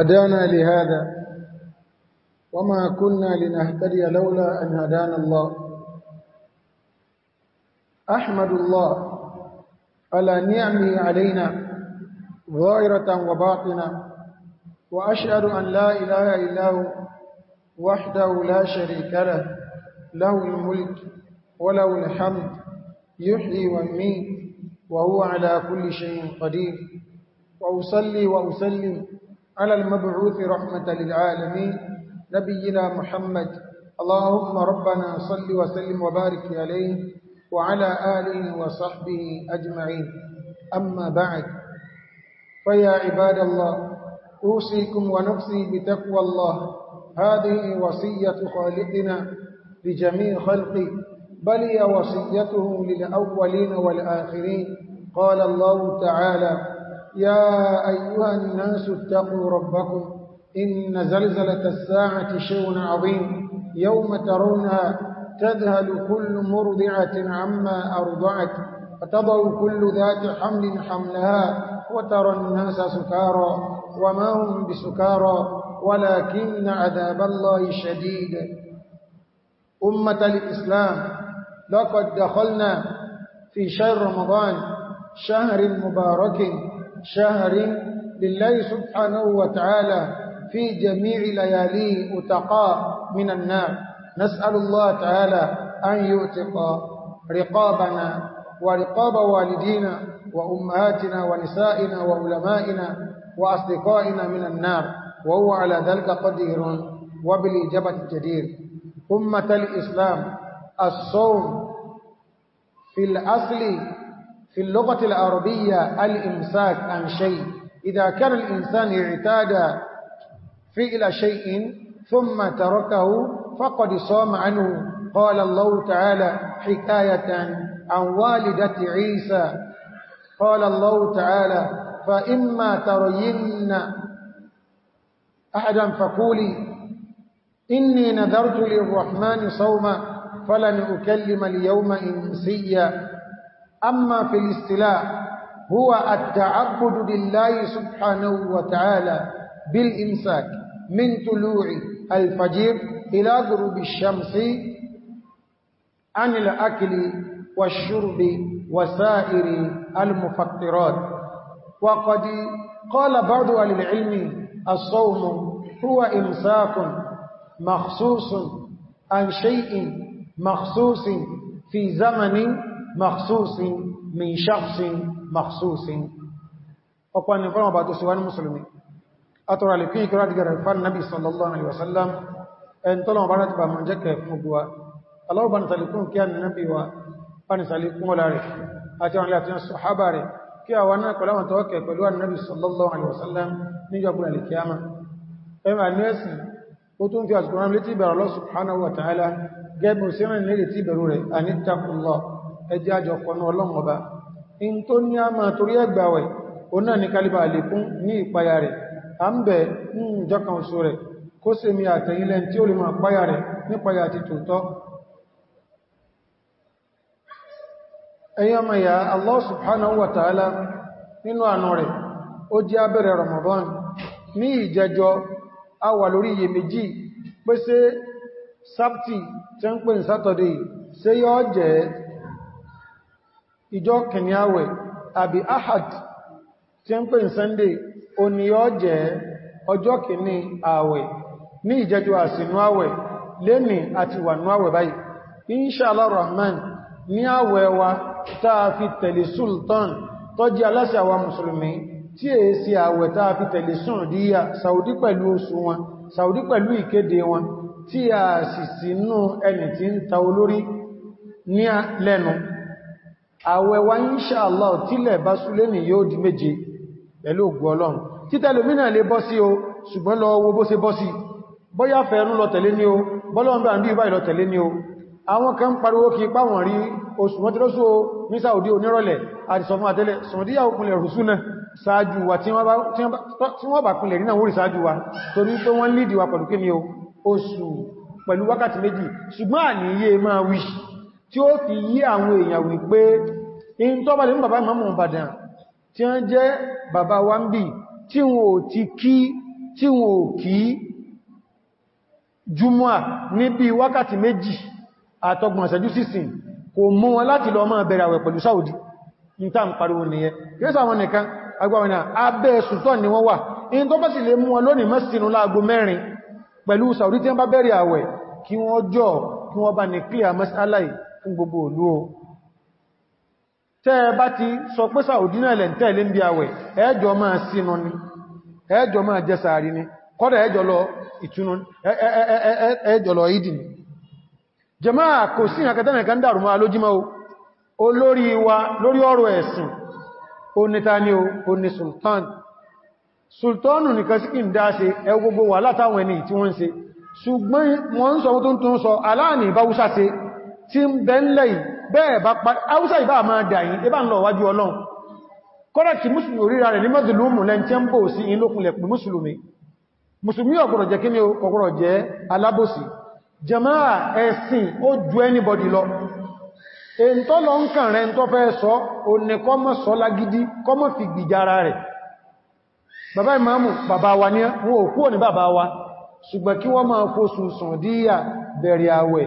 هدانا لهذا وما كنا لنهتدي لولا أن هدانا الله أحمد الله على نعمه علينا ظاهرة وباطنة وأشهد أن لا إله إلا هو وحده لا شريك له له الملك وله الحمد يحيي ويميت وهو على كل شيء قدير وأصلي وأسلم على المبعوث رحمة للعالمين نبينا محمد اللهم ربنا صل وسلم وبارك عليه وعلى آله وصحبه أجمعين أما بعد فيا عباد الله أوصيكم ونفسي بتقوى الله هذه وصية خالقنا لجميع خلقه بل هي وصيته للأولين والآخرين قال الله تعالى يا أيها الناس اتقوا ربكم إن زلزلة الساعة شيء عظيم يوم ترونها تذهل كل مرضعة عما أرضعت وتضع كل ذات حمل حملها وترى الناس سكارى وما هم بسكارى ولكن عذاب الله شديد أمة الإسلام لقد دخلنا في شهر رمضان شهر مبارك شهر لله سبحانه وتعالى في جميع لياليه أتقى من النار نسأل الله تعالى أن يؤتق رقابنا ورقاب والدينا وأمهاتنا ونسائنا وعلمائنا وأصدقائنا من النار وهو على ذلك قدير وبالإجابة جدير أمة الإسلام الصوم في الأصل في اللغة العربية الإمساك عن شيء إذا كان الإنسان اعتاد فعل شيء ثم تركه فقد صام عنه قال الله تعالى حكاية عن والدة عيسى قال الله تعالى فإما ترين أحدا فقولي إني نذرت للرحمن صوما فلن أكلم اليوم إنسيا أما في الاستلاء هو التعبد لله سبحانه وتعالى بالإمساك من طلوع الفجر إلى غروب الشمس عن الأكل والشرب وسائر المفطرات وقد قال بعض أهل العلم الصوم هو إمساك مخصوص عن شيء مخصوص في زمن مخصوص من شخص مخصوص ọ̀pọ̀ ni fọ́nà ọba tó síwá ní musulmi àtọ́rà lè fíì kíra dìgbà rẹ̀fà nàbí sallallahu alaihi wasallam ẹn tọ́lọ̀ ọba láti bá mọ̀ jẹ́kẹ̀ fún gbogbo wa aláwọ̀bá ní tàlìkún kí a ní nàbí wa bá ní tàlìkún ọlá rẹ̀ àti àwọn ilẹ̀ sọ̀hábà rẹ̀ kí a wà náà pẹ̀lú àwọn tọ́wọ́kẹ̀ pẹ̀lú ànàbí sallallahu alaihi wasallam ní jọ́gbọ̀n alìkiyama ẹmà ní ẹ̀sìn ó tún fi àsìkò rán létí ìbẹ̀rẹ̀ Allah subhanahu wa ta'ala gẹ́bùn sí rìn létí ìbẹ̀rù rẹ̀ ànítakùnlọ́ ẹjẹ́ àjọ kọ̀nà ọlọ́run ọba in tó ní a máa torí ẹgbà wẹ̀ o náà ní kálíbà àlékún ní ìpayà rẹ̀ a ń bẹ̀ ń jọkàn oṣù rẹ̀ kó se mi àtẹ̀yìnlẹ̀ tí ó lè máa páyà rẹ̀ nípayà àti tòótọ́ ẹ̀yọ́ mẹ́yà Allah subhanahu ìjọ kìnníàwẹ̀ àbí ahad tí ń pè ní sunday o ni yóò jẹ́ ọjọ́ kìíní ààwẹ̀ ní ìjẹjọ àsìnú ààwẹ̀ lẹ́ni àti wànú ààwẹ̀ báyìí inṣàlá rahman ní ààwẹ̀ wa táa fi tẹ̀lé sultan tó jẹ́ aláṣẹ àwa mùsùlùmí tí è sí ààwẹ̀ táa fi tẹ̀lé Saudiya Saudi pẹ̀lú Saudi pẹ̀lú ìkéde wọn tí a sì sínú ẹni tí lẹ́nu àwẹ̀ wa insha Allah tílẹ̀ bá súlé ní yóò di méje pẹ̀lú ògùn ọlọ́run títẹ̀lòmínà lè bọ́ sí o ṣùgbọ́n lọ wo bó ṣe bọ́ sí bọ́yá fẹ̀ẹ́nú lọ tẹ̀lé ní o bọ́lọ́ndọ̀ àndí ìbá ìlọ tẹ̀lé ní o àwọn kan pariwo kí páwọn rí oṣù mọ́tílọ́sù ní Saudi onírọ̀lẹ̀ àti sọ fún wa tí wọ́n bá kúnlẹ̀ nínà wórí sáájú wa torí pé wọ́n lídìí tí ó fi yí àwọn èèyàn wípé in tó bá lè ní bàbá ìmọ̀mù Ìbàdàn tí wọ́n jẹ́ bàbá wa ń bí tí wọ́n ò ti kí tí wọ́n ò kí jùmọ́à ní wákàtí méjì àtọgbọ̀n ṣẹ́jú sísìn kò mú wọn láti lọ máa bẹ̀rẹ̀ àwẹ̀ pẹ̀lú Saudi in tá ń pariwo nìyẹn yóò sáwọn nìkan agbáwọn ni wọ́n wà in tó bá sì lè mú wọn lónìí mẹ́sìnú láago mẹ́rin pẹ̀lú Saudi tí wọ́n bá fún gbogbo òlú o tẹ́ bá ti sọ pé sàòdínà ilẹ̀ ń tẹ́lé ń bí àwẹ̀ ẹjọ máa sínú ni ẹjọ máa jẹ sàárì ni kọ́dà ẹjọ lọ ìtúnú ẹjọ lọ ìdì ni jẹmá kò sí ìrìnkẹtẹ́nìkan dàrùmọ́ alójímọ́ wa lórí ọ̀rọ̀ ẹ̀sìn onítàní oní sultan sultanu nìkan sí kí ń dá ṣe ẹ gbogbo wà látàwọn ẹni tí wọ́n ń ṣe ṣùgbọ́n wọ́n ń sọ tó tún sọ aláàní ìbáwúsá tí ń bẹ́ńlẹ̀ bẹ́ẹ̀ bá parí haúsá ìbá máa dàyìn ẹbá ń lọ wájú ọlọ́run kọ́rẹ̀kì mùsùlùmí oríra rẹ̀ ní mọ́dúnlùmù lẹ́n tí ń bò sí in lókùnlẹ̀ pẹ̀ mùsùlùmí mùsùlùmí ọ̀gọ̀rọ̀ jẹ́ kíní ọ̀gọ̀rọ̀ jẹ́ alábòsí jàmáà ẹ̀sìn ó ju anybody lọ èntọ́ lọ ń kàn rẹ̀ tó fẹ́ sọ ò ní kọ́ bẹ̀rẹ̀ àwẹ̀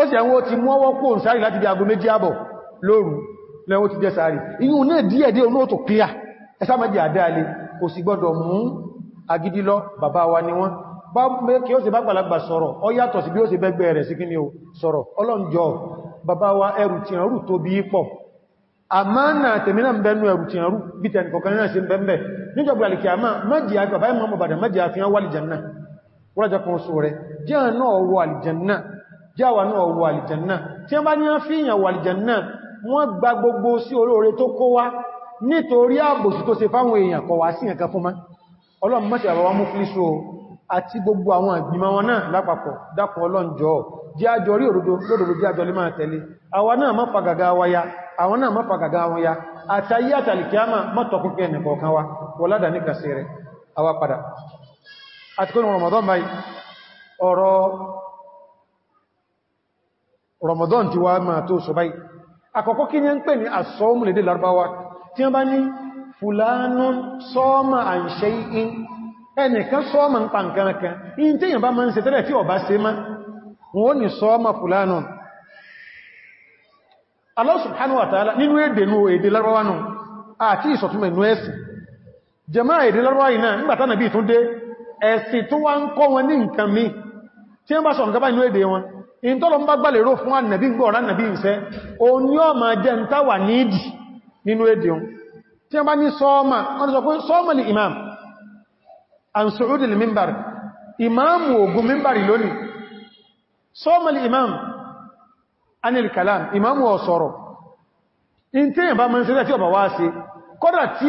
ó sì àwọn ti mú ọwọ́ kó ń sáré láti bí aago méjì àbọ̀ lóru lẹ́wọ́n ti jẹ́ sáré inú náà díẹ̀ díẹ̀ o òtò clear ẹsámẹ́jì àdáalé kò sì gbọ́dọ̀ mú agidi lọ bàbá wa ni wọ́n bá kí ó sì bá gbàlagbà sọ̀rọ̀ ó yàtọ̀ sí bí ó sì wa ẹrù ti tó bí pọ̀ bẹnu ẹrù ti bí náà sí àmá mẹ́jì mẹ́jì àfihàn wà wọ́n rájọ kan sọ rẹ̀ jáwà náà wà alìjẹ̀nà tí a bá ní wọ́n fíyàn wà alìjẹ̀nà wọ́n gba gbogbo sí olóore tó kó wá nítorí àbòsí tó ṣe fáwọn èèyàn kọ̀ wá sí ẹ̀kan fún má ọlọ́run mọ́sí àbáwá mú fílísù àti gbogbo ya àwọn náà má fagagá wọn ya àtàyí àtàlìkíámà mọ́tọ̀kúnkẹ́ ẹnìkọ̀ọ̀kan wa wọ́ládà ní kàṣẹ rẹ̀ àwa padà àti kó ọ̀rọ̀ Ramadan ti wá máa tó sọ báyìí àkọ́kọ́ kí ní ń pè ní àsọ́ọ̀mù lédè Lárúbáwá tí wọ́n bá ní fulanun sọ́ọ̀mà an shay'in ẹnìkan sọ́ọ̀mà ń pa nǹkan kan in tí yàn bá máa ń ṣe tẹ́lẹ̀ tí ọba ṣe má wọ́n ní sọ́ọ̀mà fulanun Allah subhanahu wa ta'ala nínú èdè nú èdè Lárúbáwá nù àti ìsọ̀túnmẹ̀ nú ẹ̀sìn jàmáà èdè Lárúbáwá yìí náà nígbàtánà bí ìtúndé ẹ̀sìn tó wá ń kọ́ wọn ní nǹkan mi tí wọ́n bá sọ nǹkan bá inú èdè wọn in tọ́lọ ń bá gbà lérò fún ànàbí gbọ́ọ̀rá ànàbí ìṣẹ́ o ní ọmọ jẹ́ ń tàwà ní ìdì nínú èdè ohun tí a bá ní sọ́ọ́mà wọ́n sọ pé sọ́ọ́mà lè imam an sọ́ọ́dì lè mímbàrì imam ogun mímbàrì lónìí sọ́ọ́mà lè imam anil kalam imam wọ sọ̀rọ̀ in tí yẹn bá mọ́ sílẹ̀ tí ọba wá sí kọ́dà tí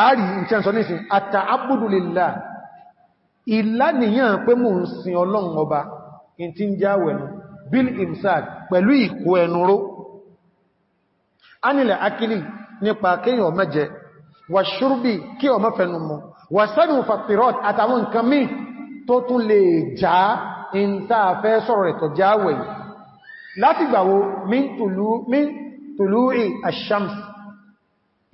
àárí ìtẹ́ sọ nísìn àtà abúdùlélà ìlànìyàn pé mò ń sin ọlọ́run ọba in ti ń já wẹ̀nu bill imsad pẹ̀lú ìkó ẹnuró anilẹ̀ akili nípa kíyàn mẹ́jẹ wà ṣúrúbì kí ọmọ fẹnu mọ́ wà sẹ́nu fàtírọt àtàwọn nǹkan míì tó tún lè já in táa fẹ́ sọ̀rọ̀ ẹ̀tọ̀ já wẹ̀ láti gbàwo min tùlú ì àṣàmsì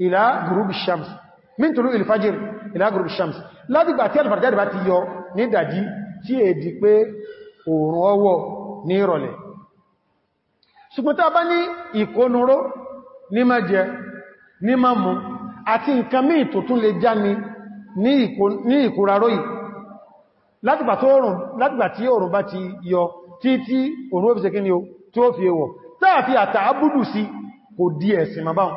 ìlà gùrùbì ṣàmsì min tulu ilfajir ilagru shams lábìgbà tí alfàjáde bá ti yọ ní ìdajì tí è di pé òòrùn ọwọ́ ní ìrọ̀lẹ̀ ṣùgbọ́n tá bá ní ni ní má jẹ ní má mú àti nǹkan mí ìtòtún lè já ní ní ìkúraró yìí látìgbà tí òòrùn bá ti yọ títí òòrùn ó fi ṣe kí ni o tí ó fi ewọ̀ táàfi àtàábùdù sí kò di ẹ̀sìn màbáhùn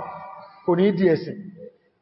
kò ní di ẹ̀sìn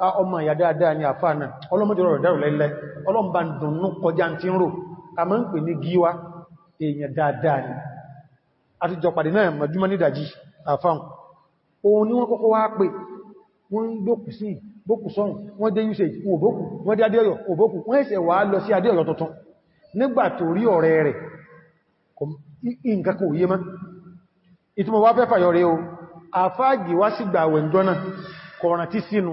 Ah, ọmọ ìyà dáadáa ni àfáà náà ọlọ́mọdé rọrọ̀ dárò lẹ́lẹ́ ọlọ́mbà ń dùnnú kọjá tí ń rò a máa ń pè ní gíwá èèyàn dáadáa ni a ti jọpàdé náà mọ̀júmọ́ ní ìdajì àfáà òun ni wọ́n kọ́kọ́ wá pè wọ́n ń gbókù sí gbókù sọ́hùn wọ́n dé usage òbókù wọ́n dé adéọ̀yọ̀ òbókù wọ́n ẹ̀sẹ̀ wà á lọ sí adéọ̀yọ̀ tuntun nígbà tó rí ọ̀rẹ́ rẹ̀ nǹkan kò yé mọ́ ìtumọ̀ wá fẹ́ fàyọ̀ o àfáàgì wá sígbà àwẹ̀ǹjọ́ náà kọ̀ọ̀ràn tí sínú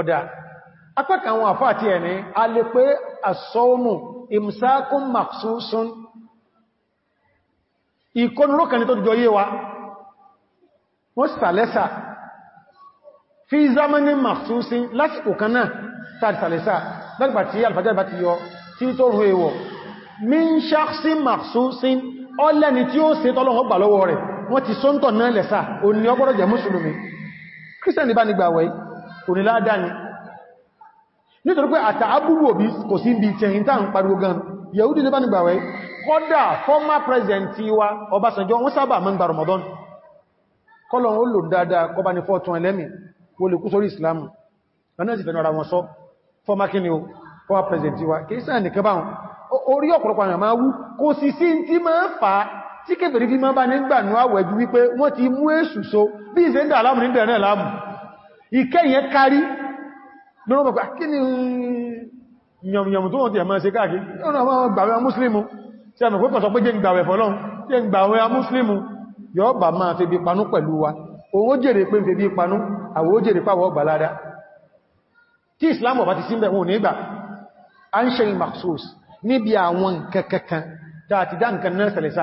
ọ̀dá apẹ́kà àwọn àfá àti ẹni a lè pé àsọ́ọ̀mù ìmsákún maksusun ìkọnúrókà ní tó jọ yé wa wọ́n sàlẹ́sà fi zamani maksusin lásìkò kan náà tàbí sàlẹ́sà lọ́gbà tí ti yọ tí tó rú ewọ̀ min ṣáksí maksusin ọlẹ́ni tí ó se tọ́lọ́ wọ́n ti sọ́ntọ̀ náà lẹ́sà òní ọgbọ́rọ̀ jẹ́ mùsùlùmí oníládá ni nítorí pé àtàábùrù òbí kò sí ibi ìtẹ̀yìn tàà ń pariwo gan yahudi ló bá ní gbàwẹ́ kọ́dà former president wa Ọbásanjọ́ wọ́n sábà mọ́ ń gba Ramadan kọ́lọ̀ ó lò dáadáa kọba ní fọ́tún Islam lọ́nà sì fẹ́nu former kíni o former president wa kìí sáà nìkan bá wọn orí ọ̀pọ̀lọpọ̀ àyàn máa fa tí kébèrè fi máa bá ní gbà ní àwẹ̀jú wípé wọ́n ti mú èsù so ìkẹ́ yẹn kárí lọ́rọ̀ pẹ̀lú ah, kí ni yọmùyọmù tó wọ́n ti ẹ̀mọ́ ṣe káàkiri ọ̀nà àwọn gbàwẹ́ amúslìmù tí a mẹ́kọ́ sọ pé jẹ́ gbàwẹ́ fọ́lọ́n jẹ́ gbàwẹ́ amúslìmù yọ́ bà máa fi bí panú pẹ̀lú wa owó jèrè pé fi bí panú àwọ́ jèrè pàwọ́ gbàládá tí Islam ọba ti símbẹ̀ wọn nígbà a ń ṣe maksus níbi àwọn nǹkan kankan tá a ti dá nǹkan náà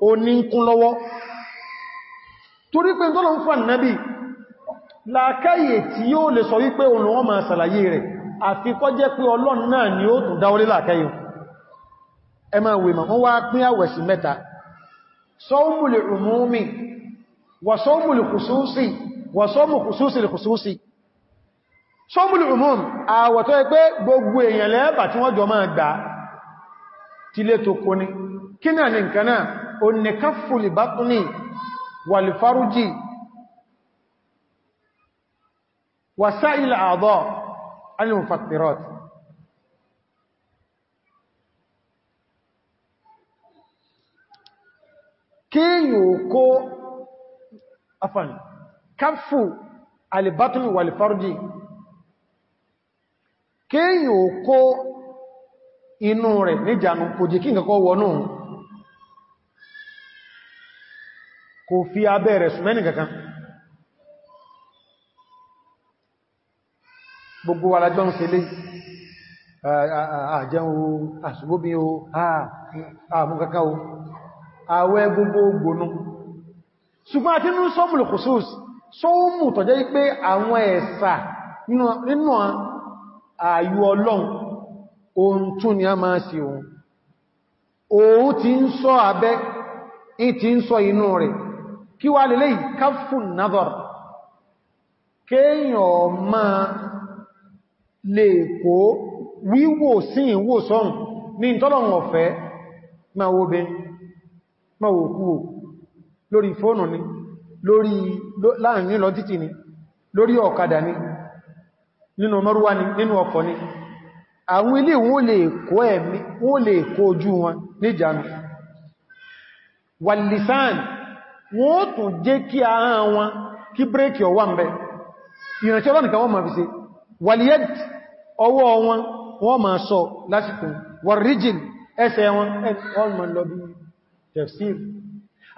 oníkún lọ́wọ́ torí pé tọ́lọ ń fún nábì làkáyè tí yóò lè sọ wípé òun wọ́n máa sàlàyé rẹ̀ àfikọ́ jẹ́ pé ọlọ́n náà ni ó tún dáwọlé làkáyè ẹ máa wèmọ̀ wọ́n wá pín àwẹ̀ umumi wà sọ́ọ̀mùlì kùsúsì wà sọ́ọ̀mù kùsúsì lè kùsúsì sọ́ọ̀mùlì umum àwẹ̀ tó yẹ pé gbogbo èèyàn lẹ́ẹ̀bà tí wọ́n jọ máa gbà tí lé tó kó ní kí náà ní nǹkan náà o ní káfùlì bátúnì wàlìfárújì wàsá ilẹ̀ àdọ́ alìmùfàtírọt kí yóò kó afan káfù alìbátúnì wàlìfárújì kí yóò kó inú rẹ̀ níjànú kò jẹ́ kí nǹkan kọ́ wọnú kò fi abẹ́ rẹ̀ sùmẹ́nì kankan gbogbo wa lájọ́ ń ṣe lé àjẹun o àṣùgbóbi o àmúkankan o àwẹ́ gbogbo gbónú ṣùgbọ́n àti nínú sọ́mùlù kùsùs sọ́ọ̀mù tọ̀jẹ́ pé àwọn ẹ̀sà nínú ààyù ọlọ́run ohun tún ni a máa sí ohun òun ti ń sọ abẹ́ ìtí ń sọ inú rẹ̀ kí wá lè léyìí káfù kéèyàn máa lè kó wíwò sí ìwò ní ìtọ́lọ̀wọ̀n ọ̀fẹ́ wo bẹ ma kú lórí fóònù ni lórí láàrin lọ títì ni lórí ọ̀kadà ni nínú mọ́rúwá ni nínú ọkọ̀ ni àwọn ilé wọ́n lè kó ẹ̀mí wọ́n lè kó ojú wọn níjànú wàlìsáàni wọ́n ó tún jẹ́ kí ahán wọn kí bírèkì ọwà ń bẹ ìrìnṣẹ́ ọlọ́nìkan wọ́n ma fi ṣe waliyad ọwọ́ wọn wọ́n ma sọ lásìkò warrijil ẹsẹ̀ wọn wọ́n ma lọ bí tafsir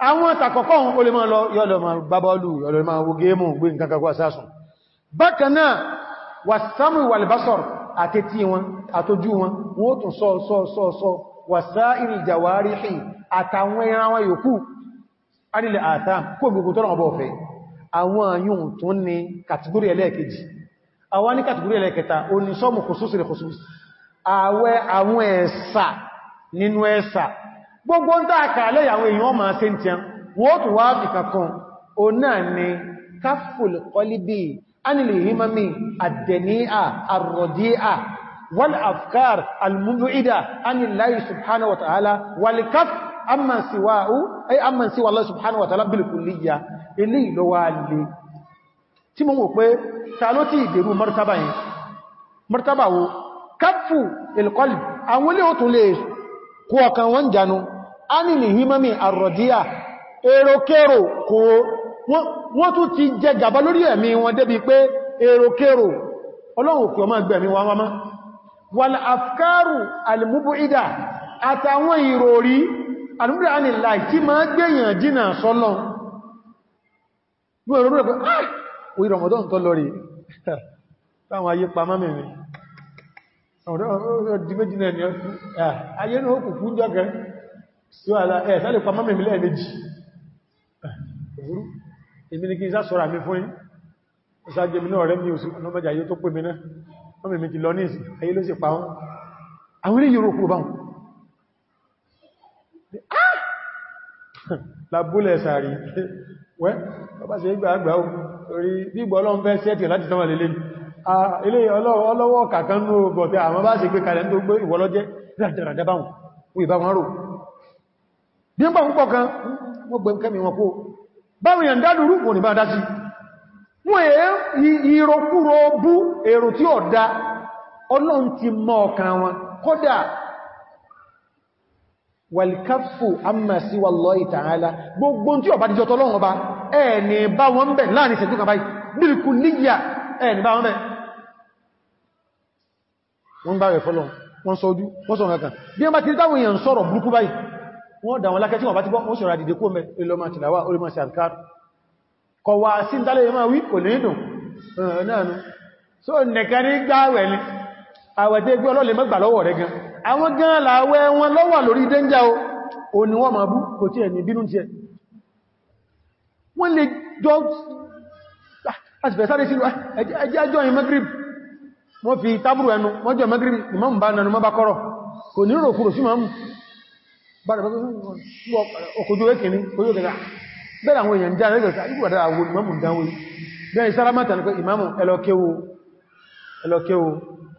àwọn tàkọ̀kọ́ o lè máa lọ yọ́lọ̀ ma gbábọ́lù yọ́lọ̀ ma wo géèmù gbé nǹkan kagbà sásùn bákan náà wàsàmù wàlbásọ̀r àtẹ́tí wọn àtójú wọn wọ́n tún sọ sọ sọ sọ wàsáìrì jàwárí àtàwọn ẹran wọn yòókù anílẹ̀ àtàm kó gbogbo tọ́rọ ọba ọ̀fẹ́ àwọn àyùn tó ní kàtìgórí ẹlẹ́ẹ̀kejì àwọn ní kàtìgórí ẹlẹ́ẹ̀kẹta o ní sọ́mù kò sósìrì kò sósì àwẹ́ àwọn ẹ̀sà nínú ẹ̀sà gbogbo ń tààkà lẹ́yà àwọn èèyàn ọmọ asẹ́ntiyan wọ́n tó wá fìkà kan o náà ni káfùl amman siwa'u ay e, amman siwa Allah subhanahu wa ta'ala bil kulliyya ilé ìlọ́wà lè tí mo wò pé ta ló ti ìdèrú martaba yẹn martaba wo kafu ilqalb àwọn ilé òtún lè kó ọkàn wọn jànú a ní ní himami arọ̀díyà èròkèrò kó wọ́n tún ti jẹ gàba lórí ẹ̀mí wọn débi pé èròkèrò ọlọ́run kí ọmọ ẹgbẹ̀mí wọn wọ́n mọ́ wal afkaru almubu'ida àtàwọn ìròrí alúmúrẹ̀ ànìlá tí máa gbẹ̀yàn jìnà sọ́lọ́ èmi ni kí n sá sọ́rọ̀ àmì fún yín ìsájẹ́ mi náà rẹ̀ mi òsù ọ̀nà mẹ́jà yóò tó pè mi náà wọ́n mẹ́mí ti lọ ní ìsìn ayé ló sì pa wọ́n àwọn ilé yóò rò kúrò báwọn Ah! lábúlẹ̀ sàárì wẹ́ bàbá ṣe gbà àgbà orí bígbọ́ ọlọ́run fẹ́ sẹ́ẹ̀tì láti tánwà lélé ilé ọlọ́wọ́ kàkánú bọ̀tẹ̀ àmọ́ bá ṣe gbé kalẹ̀ tó gbé ìwọlọ́jẹ́ dáadáadábáhùn wọ́n ìbá wọn rò bí ń bá ń pọ̀ kan wọ́n gbẹ̀ kẹ́mi wọn kó báwọn èèyàn dádúrú wọn ni bá dá sí wọ́n èé ìrokúrò bú èrò tí ọ̀dá ọlọ́run ti mọ ọkàn wọn kódà wàlìkáfù àmà sí wà lọ́ì tààlá gbogbo tí ọba díjọ tọ́lọ́run ọba ẹni bá wọn bẹ̀ láàrin ìṣẹ́jú kan báyìí bílkù níyà ẹni bá wọn bẹ̀ wọ́n bá rẹ̀ fọ́lọ́ wọ́n sọ́jú wọ́n sọ nǹkan bí wọ́n bá ti táwọn èèyàn sọ̀rọ̀ burúkú báyìí wọ́n dà wọn lákẹ́ tí wọ́n bá àwẹ̀tẹ́ pé ọlọ́lẹ̀ mọ́gbà lọ́wọ́ rẹ̀ gan àwọn gan láwẹ́ wọn lọ́wọ́ lórí dẹ́njà o ò ní wọ́n ma bú kò tí ẹ̀ ní bínú tí ẹ̀ wọ́n lè jọ àṣìfẹ̀sáre sílù ẹjọ́ yìí Maghrib wọ́n fi tábùrù ẹnu wọ́n jọ Maghrib ìmọ̀ bá nanu mọ́ bá kọ́rọ̀ kò ní rò kúrò sí mọ́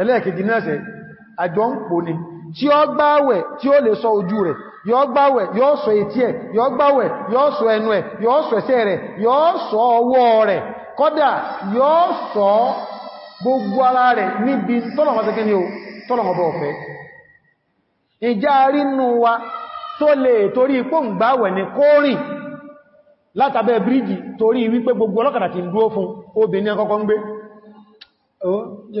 ẹlẹ́ẹ̀kejì náà sẹ àjọ ń pò ní tí ó gbáwẹ̀ tí ó lè sọ ojú rẹ̀ yóò gbáwẹ̀ yóò sọ etí ẹ̀ yóò gbáwẹ̀ yóò sọ ẹnu ẹ̀ yóò sọ ẹsẹ̀ rẹ̀ yóò sọ ọwọ́ rẹ̀ kọ́dà yóò sọ gbogbo ara rẹ̀ níbi tọ́lọ̀mọ́sẹ́kẹ́ látàbẹ̀ bíríjì gbogbo ti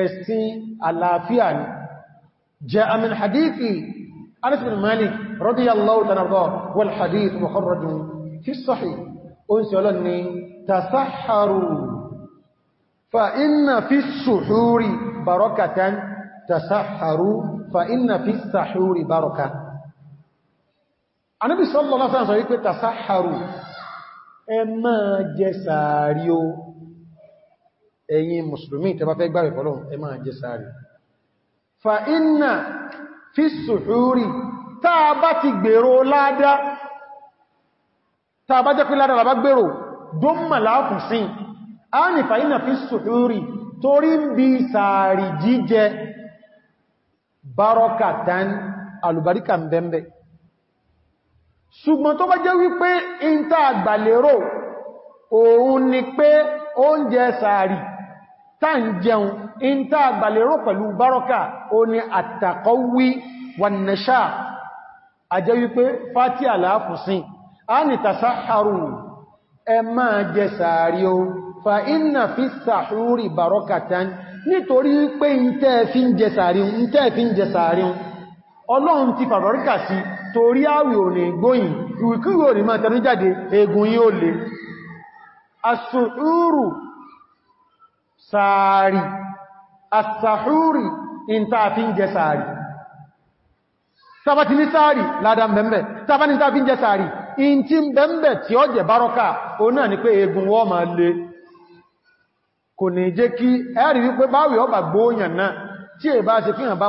ẹ̀sìn àlàáfíà ni jẹ́ amin hadithi anas bin malik radiyallahu tanardo wal hadith muhammadun fi sahih o n sọ́lọ́ ni tasaharu fa inna fi suhuri barakatan tasaharu fa inna fi sahuri baraka anábi sallallahu alaihi wasallam ẹ̀yin mùsùlùmí tẹbá fẹ́ gbàrẹ̀ fọ́lọ́n ẹ máa jẹ sàárì fa inna fi sùhúrì táa bá ti gbèrò ládá táa bá jẹ́ pé ládá làbá gbèrò dómà láàkùn sí a ní fa inna fi sùhúrì torí ń bí sàárì jíjẹ barokatan alùbáríkà mbẹ̀mbẹ̀ ṣùgbọ́n tó bá jẹ́ wípé oúnjẹ sàárì tán jẹun in tá àgbàlérò pẹ̀lú bárọ́kà o ni àtàkọ́wí wannasha àjẹ́ wípé fátí àlàáfùsìn a ní tàṣà àrù ẹ máa jẹ sàárì o fa inna fi sàárì bárọ́kàtán nítorí pé ọlọ́run ti fàbọ̀ríkà sí torí àwì ò ní gbóyìn ìwìkúrò rí máa tẹnu jáde egun sàárì asàhúrì in fi jẹ sàárì sábàtí ní sàárì ládá bẹ̀m̀bẹ̀ sábàtí ta fi jẹ in ti bẹ̀m̀bẹ̀ tí ó jẹ bárọ́kà o náà ni pé egun wọ́n ma lè kò ní jẹ́ kí ẹ̀rì e wípé báwí ọba gbóòyàn náà tí è e bá se fíhàn bá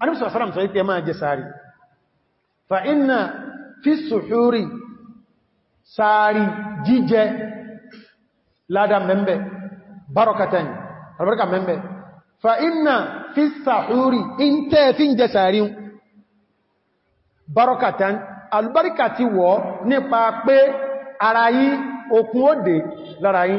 Ànábì sallallahu alaihi wasallam sọ pé ẹ máa jẹ sààrì fa inna fi suhuri sààrì jíjẹ ládá mẹ́mbẹ̀ barakatan albarka mẹ́mbẹ̀ fa inna fi sahuri in tẹ́ fi ń jẹ sààrì barakatan albarka ti wọ́ nípa pé ara yí okun ó dé lára yí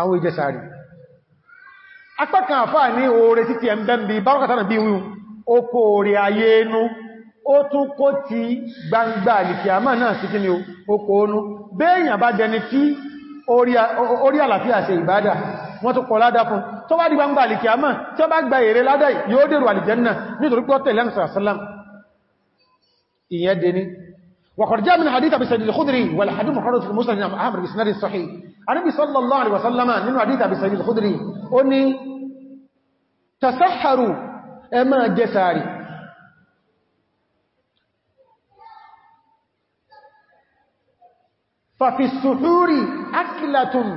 àwọn ìjẹsàárì apákan àfáà ní oore títí ẹmbẹ́mbi bárọkàtànà bí wíwú ó kó oore ayé inú ó tún kó ti gbangba àlìkì àmà náà sí kí ni ó kó ónú béèyàn bá dẹni tí orí àlàáfíà ṣe ìbádà wọ́n tó kọ ládá fún tó bá di gbangba àlìkì àmà tí ó bá gba èrè ládá yóò dèrò àlìjẹ́nà nítorí pé ó وقد جاء من حديث ابي سعيد الخدري والحديث محرر في المسند عن احمد بن صحيح anábi sallallahu alaihi wasallama nínú àdíta bí sàrí al-khudri ó ní tasaharu ẹ máa jẹ sàárì fàfi sùhúrì akìlàtùn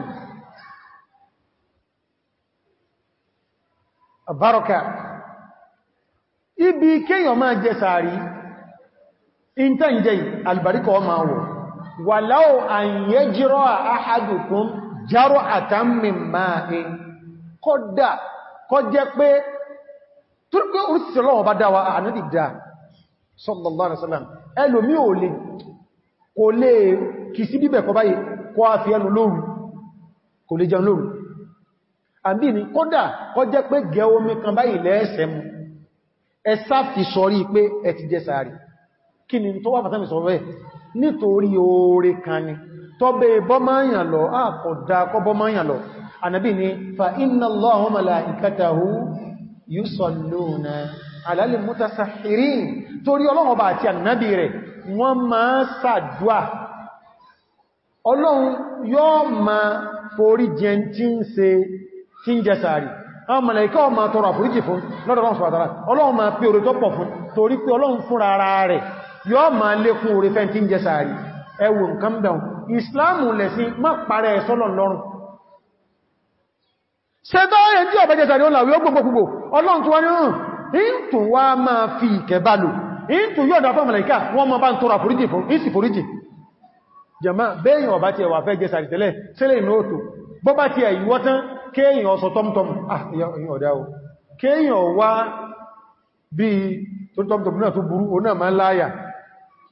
baraka ibi kéyàn máa jẹ sàárì in tẹ́ ìjẹ́ albarika ọmọ wọ̀ wàláwò àyẹ́ jírọ́ àhádùkún járọ́ àtàmì máa in kọ́dà kọ́ jẹ́ pé turkey orísìsẹ̀ lọ́wọ́ bá dáwà ànábì dá sallallahu alaihi wasallam ẹlòmí ò lè kò lè kì sí bíbẹ̀ kọ báyìí kọ́ a fi ẹnu lóru kò lè jẹun nítorí oore kan ni tọ́bẹ̀ bọ́máyàn lọ àkọ̀dá kọ́ bọ́máyàn lọ ànàbí ni fa inna Allaha wa malaikatahu yusalluna ala al-mutasahhirin torí ọlọ́run bá àti ànàbí rẹ̀ wọ́n máa sàdúà ọlọ́run yóò máa forí jẹ tí ń ṣe tí ń jẹ sàárì àwọn màláíkà ọmọ tọrọ àforíjì fún lọ́dọ̀ ọlọ́run sọ̀rọ̀ ọlọ́run orí tọ́pọ̀ fún torí pé ọlọ́run fúnra rẹ̀ yóò máa lékún orí fẹ́ tí ń jẹ sàárì ẹwù nǹkan bẹ̀rún ìsìláàmù lẹ̀sí má parẹ́ ẹ̀sọ́lọ̀ lọ́rùn ṣe bá ẹ̀ tí ọ̀bẹ́jẹ sàárì ó làwí ó gbogbogbò ọlọ́run tó wá ní wá máa fi ìkẹbálò ìntù yóò dáfà màlàíkà wọ́n máa bá ń tọrọ àforíjì fún ìsì foríjì jẹ̀má bẹ́yìn ọ̀bá ti ẹ̀wà fẹ́ jẹ sàárì tẹ́lẹ̀ sílẹ̀ inú òtò bọ́ bá ti ah ìyàn ọ̀dá o kéèyàn wá bí tọ́mtọ́m náà tó burú o náà máa láyà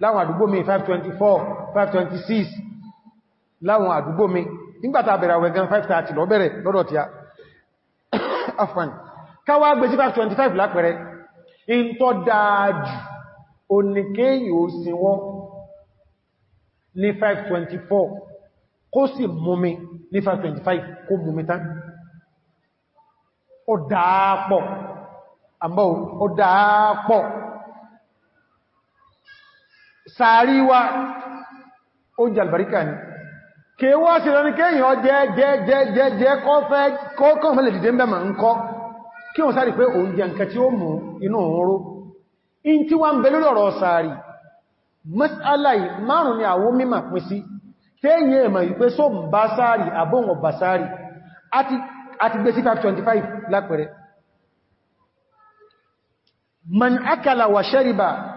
láwọn àdúgbò mi 524 526 láwọn àdúgbò mi nígbàtà bẹ̀rẹ̀ àwẹ̀ gan 530 lọ bẹ̀rẹ̀ lọ́dọ̀ tí a afwan káwà gbé sí 525 lápẹẹrẹ in tó dáájù oníkéyìn ó sin wọ́n ní 524 kó sì múmi ní 525 kó múmi tán ó dáápọ̀ àmọ́ ó dáápọ̀ sàárì wá ó jẹ́ àlùbáríkà ni kéwọ́ sí lọ ní kéèyàn jẹ́ jẹ́ jẹ́ jẹ́ jẹ́ kọ́ fẹ́ kọ́kọ́ mẹ́lẹ̀ dìde mẹ́mà ń kọ́ kí wọ́n sáré pé òun jẹ nǹkan tí ó mú inú òun in tí wọ́n bẹ lórí man akala wa shariba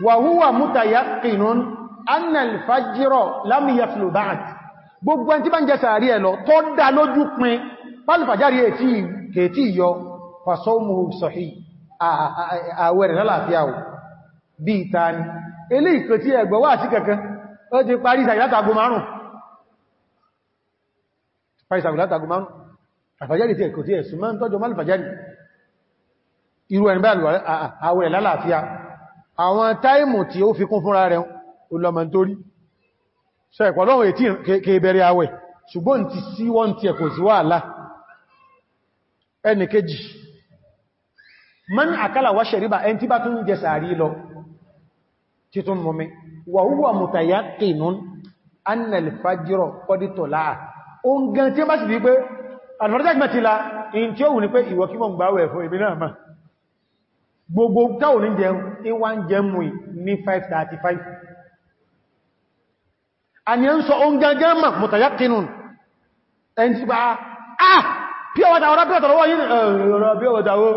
wàhúwà mutayakinun annal fajiro lamiyaflu ba'd gbogbo ẹn tí bá ń jẹ sàárì ẹ̀ lọ tó dá lójú pin pálífàjárí ètí yọ fasọ́mù sọ̀hí àwẹ̀rẹ̀ lálàáfíà ò bí ìta ni ilé ìpẹ̀ tí ẹgbẹ̀ wà sí kankan ó ti parí ìsàgbìlátàgbò márùn-ún àfàjárí tí àwọn táìmù tí ó fi kún fúnra rẹ̀ olọmọ̀ntorí ṣe ìpọ̀lọ́wọ̀ ètí kèbẹ̀rẹ̀ àwẹ̀ ṣùgbọ́n ti sí wọ́n ti ẹ̀kọ̀ sí wà láà ẹni kejì man àkálà wá ṣẹ̀ríbà ẹni tí bá tún jẹ sàárì lọ títún mọ́mí wà húwà mùtàyà kìnnún annal fajiro kọ́dítọ̀ láà o ń gan tí ó bá sì di gbogbo táwọn ní jẹun ìwà ń jẹ mú ní 535 àni ń sọ oún gẹ́gẹ́ mọ̀ mọ̀tàyàkínú ẹni tí bá ah pure water ọ̀rọ̀ pure water lọ́wọ́ yìí eh, ọ̀rọ̀ pure water ó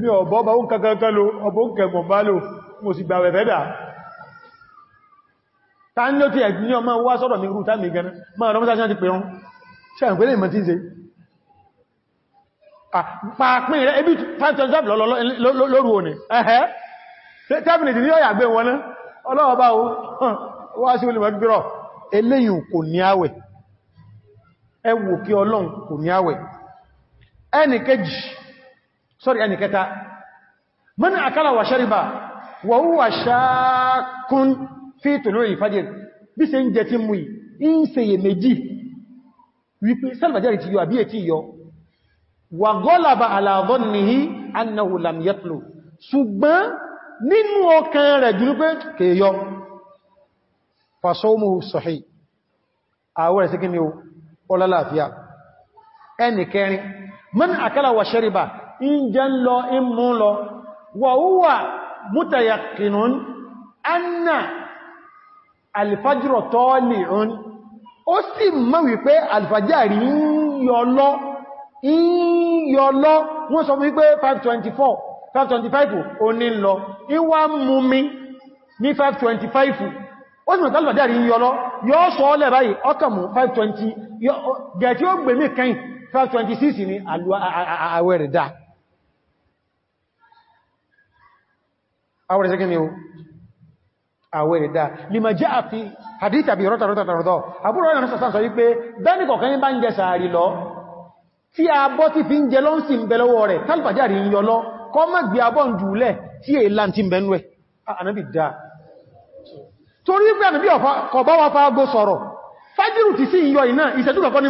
mi ọ̀bọ̀ ọba oún kankan lo ọbọ̀ oún kẹgbọ̀n bá lò mo sì gbà wẹ̀fẹ́ dà ta ń ló ti ẹ̀gbìn ní ọmọ wá sọ́dọ̀ mi rú tá Ah, pàápín rẹ̀ ebi 5,000 lóru òní ẹ̀hẹ́ tẹ́bìnì ní ọ̀yà gbé wọn náà ọlọ́wọ́ bá wá sí olè mọ́gbírọ̀ eléyìn kò ní àwẹ̀ ẹwò kí ọlọ́run kò ní àwẹ̀ ẹni kejì sorry ẹni kẹta mọ́nà àkálà wà ṣẹ́ríbà wà wúwà ṣákún fíìtò lórí ìfàjẹ̀ bí se ń jẹ tí mú ì ń se yẹ wà gọ́làbà àlàbọ́n nìyí annahu lam yatlu ṣùgbọ́n nínú ọkàn rẹ̀ jùlú pé kèyọ fasọ́mù sahih àwọ́ rẹ̀ síkí ni ó ọlọ́láàfíà ẹni kẹrin man akala wa shariba in jẹ́ ń lọ in mú lọ wa huwa mutayaqinun anna alfajr tali'un ó sì mọ̀ wípé alfajari ń yọ lọ́ yíyọ lọ wọ́n sọ wípé 524 525 òní lọ ìwà mú mi ní 525 ó sì mọ̀ tálùbàdà rí yíyọ lọ yóò sọ ọlẹ̀ báyìí ọkàmù 520 gẹ̀ tí ó gbèmí kẹ́yìn 526 ni àwẹ̀ rẹ̀ dáa awon ṣe gini o awon ìrìdá lima jẹ́ àfi hadith àbí rọ́tàrọ́tàrọ́tà àbúrò ọ̀nà sọ̀sán sọ wípé bá lọ tí a bọ́ ti fi ń jẹ lọ́nsì ń bẹ lọ́wọ́ rẹ̀ tálfàjárí ń yọlọ́ kọ́ mọ́ gbé abọ́ ń jùlẹ̀ tí è lá ti bẹ̀nú ẹ̀ ah, ànábì dáa torí pé ànábì kọ̀bá wa fáágó sọ̀rọ̀ fájírù ti sí ìyọ iná ìṣẹ́jú kọ̀kọ́ ní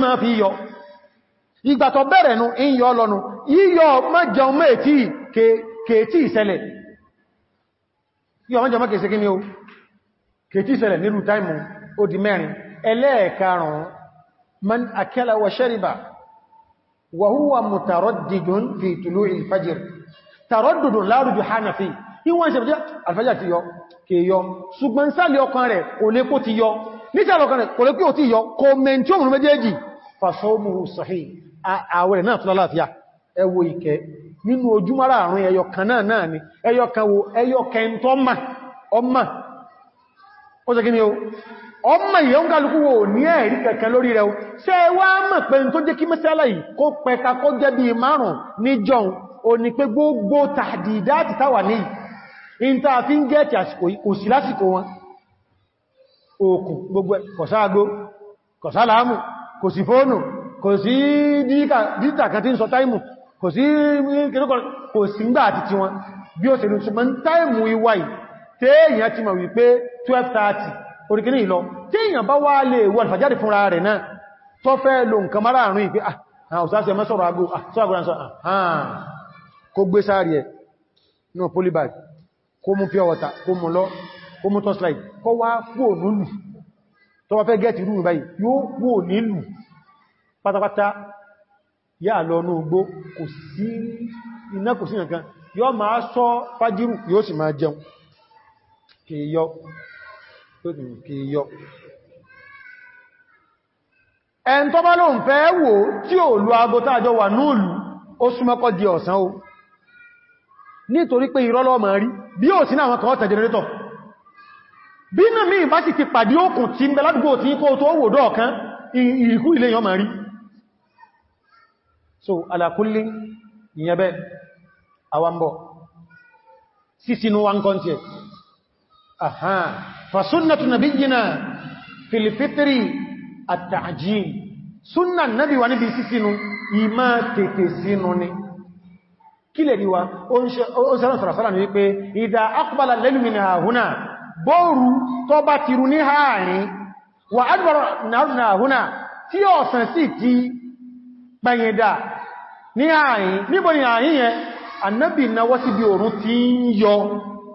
máa fi man akela wa ṣẹ́ríbà وهو متردد في طلوع الفجر تردد لا رجحان فيه ìwọ̀n ṣe fẹ́jẹ́ alfajá ti yọ kè yọ ṣùgbọ́n sáàlì ọkàn rẹ̀ kò lè kó ti yọ nísàlì ọkàn rẹ̀ kò lè kí o ti yọ kò mẹ́ntí méjèèjì fàṣọ́mù ọmọ ìyọ́n kálukú wo ní ẹ̀rí kẹ̀kẹ́ lórí rẹ̀ ṣe wá mọ̀ pé tó jẹ́ kí mẹ́sẹ́lá yìí kó pẹ̀ka kó jẹ́ bí márùn-ún ní jọun o ní pé gbogbo tàdìdá ti táwà ní ìntà fi ń gẹ́ẹ̀tì àsìkò kò sí lásìkò wọn òkùn gbogbo kọ̀sáàgó kọ̀sáàlámù kò sí fóònù kò sí 12:30 oríkìní ìlọ tí èyàn bá wá lè wọ́n fàjáde fúnra rẹ̀ náà tó fẹ́ lo nǹkan mara àrùn ìpé àwọn ah, òsáṣẹ́ ah, mẹ́sọ̀rọ̀ agó ah, sọ́gbọ́nsọ́ kó gbé sáàrí ẹ̀ náà polybag kó mú pure water kó mú lọ kó mú tọ́sílẹ̀ kó wá fò nílù tó wá fẹ́ gẹ́ẹ̀tì rú báyìí yóò wò nílù pátápátá yà lọ ní ogbó kò sí iná kò sí nǹkan yóò máa sọ fájírù yóò sì máa jẹun kèèyọ kí yọ ẹn tó bá lóun fẹ́ wò tí ò lú aago tààjọ wà núùlù ó súnmọ́kọ́ di ọ̀sán o nítorí pé ìrọ́lọ́ ma rí bí ó sí náà kọwọ́ta jẹnẹrétọ̀ bí náà mí bá sì ti pàdé òkùn tí ń bẹ ládùgbò tí kó tó wò so alákúlé ìyẹn bẹ́ àwambọ̀ sísínú wa ń أها فسنة نبينا في الفطر التعجيل سنة النبي ونبي سيسين إما تتسينني kílẹ̀ ríwá ó sẹ́rọ̀ sọ̀rọ̀sọ́rọ̀ ní wípé ìdá akọ́bàlá lẹ́lùmínà àhúnà bóòrù tó bá ti rú ní ààrin wà ádùbọ̀rọ̀ nàárùnà àhúnà tí ọ̀sán sì ti pẹ̀yẹ̀dà ní ààrin níbo ni ààrin yẹn annabi náwọ́ sí bí òòrùn ti ń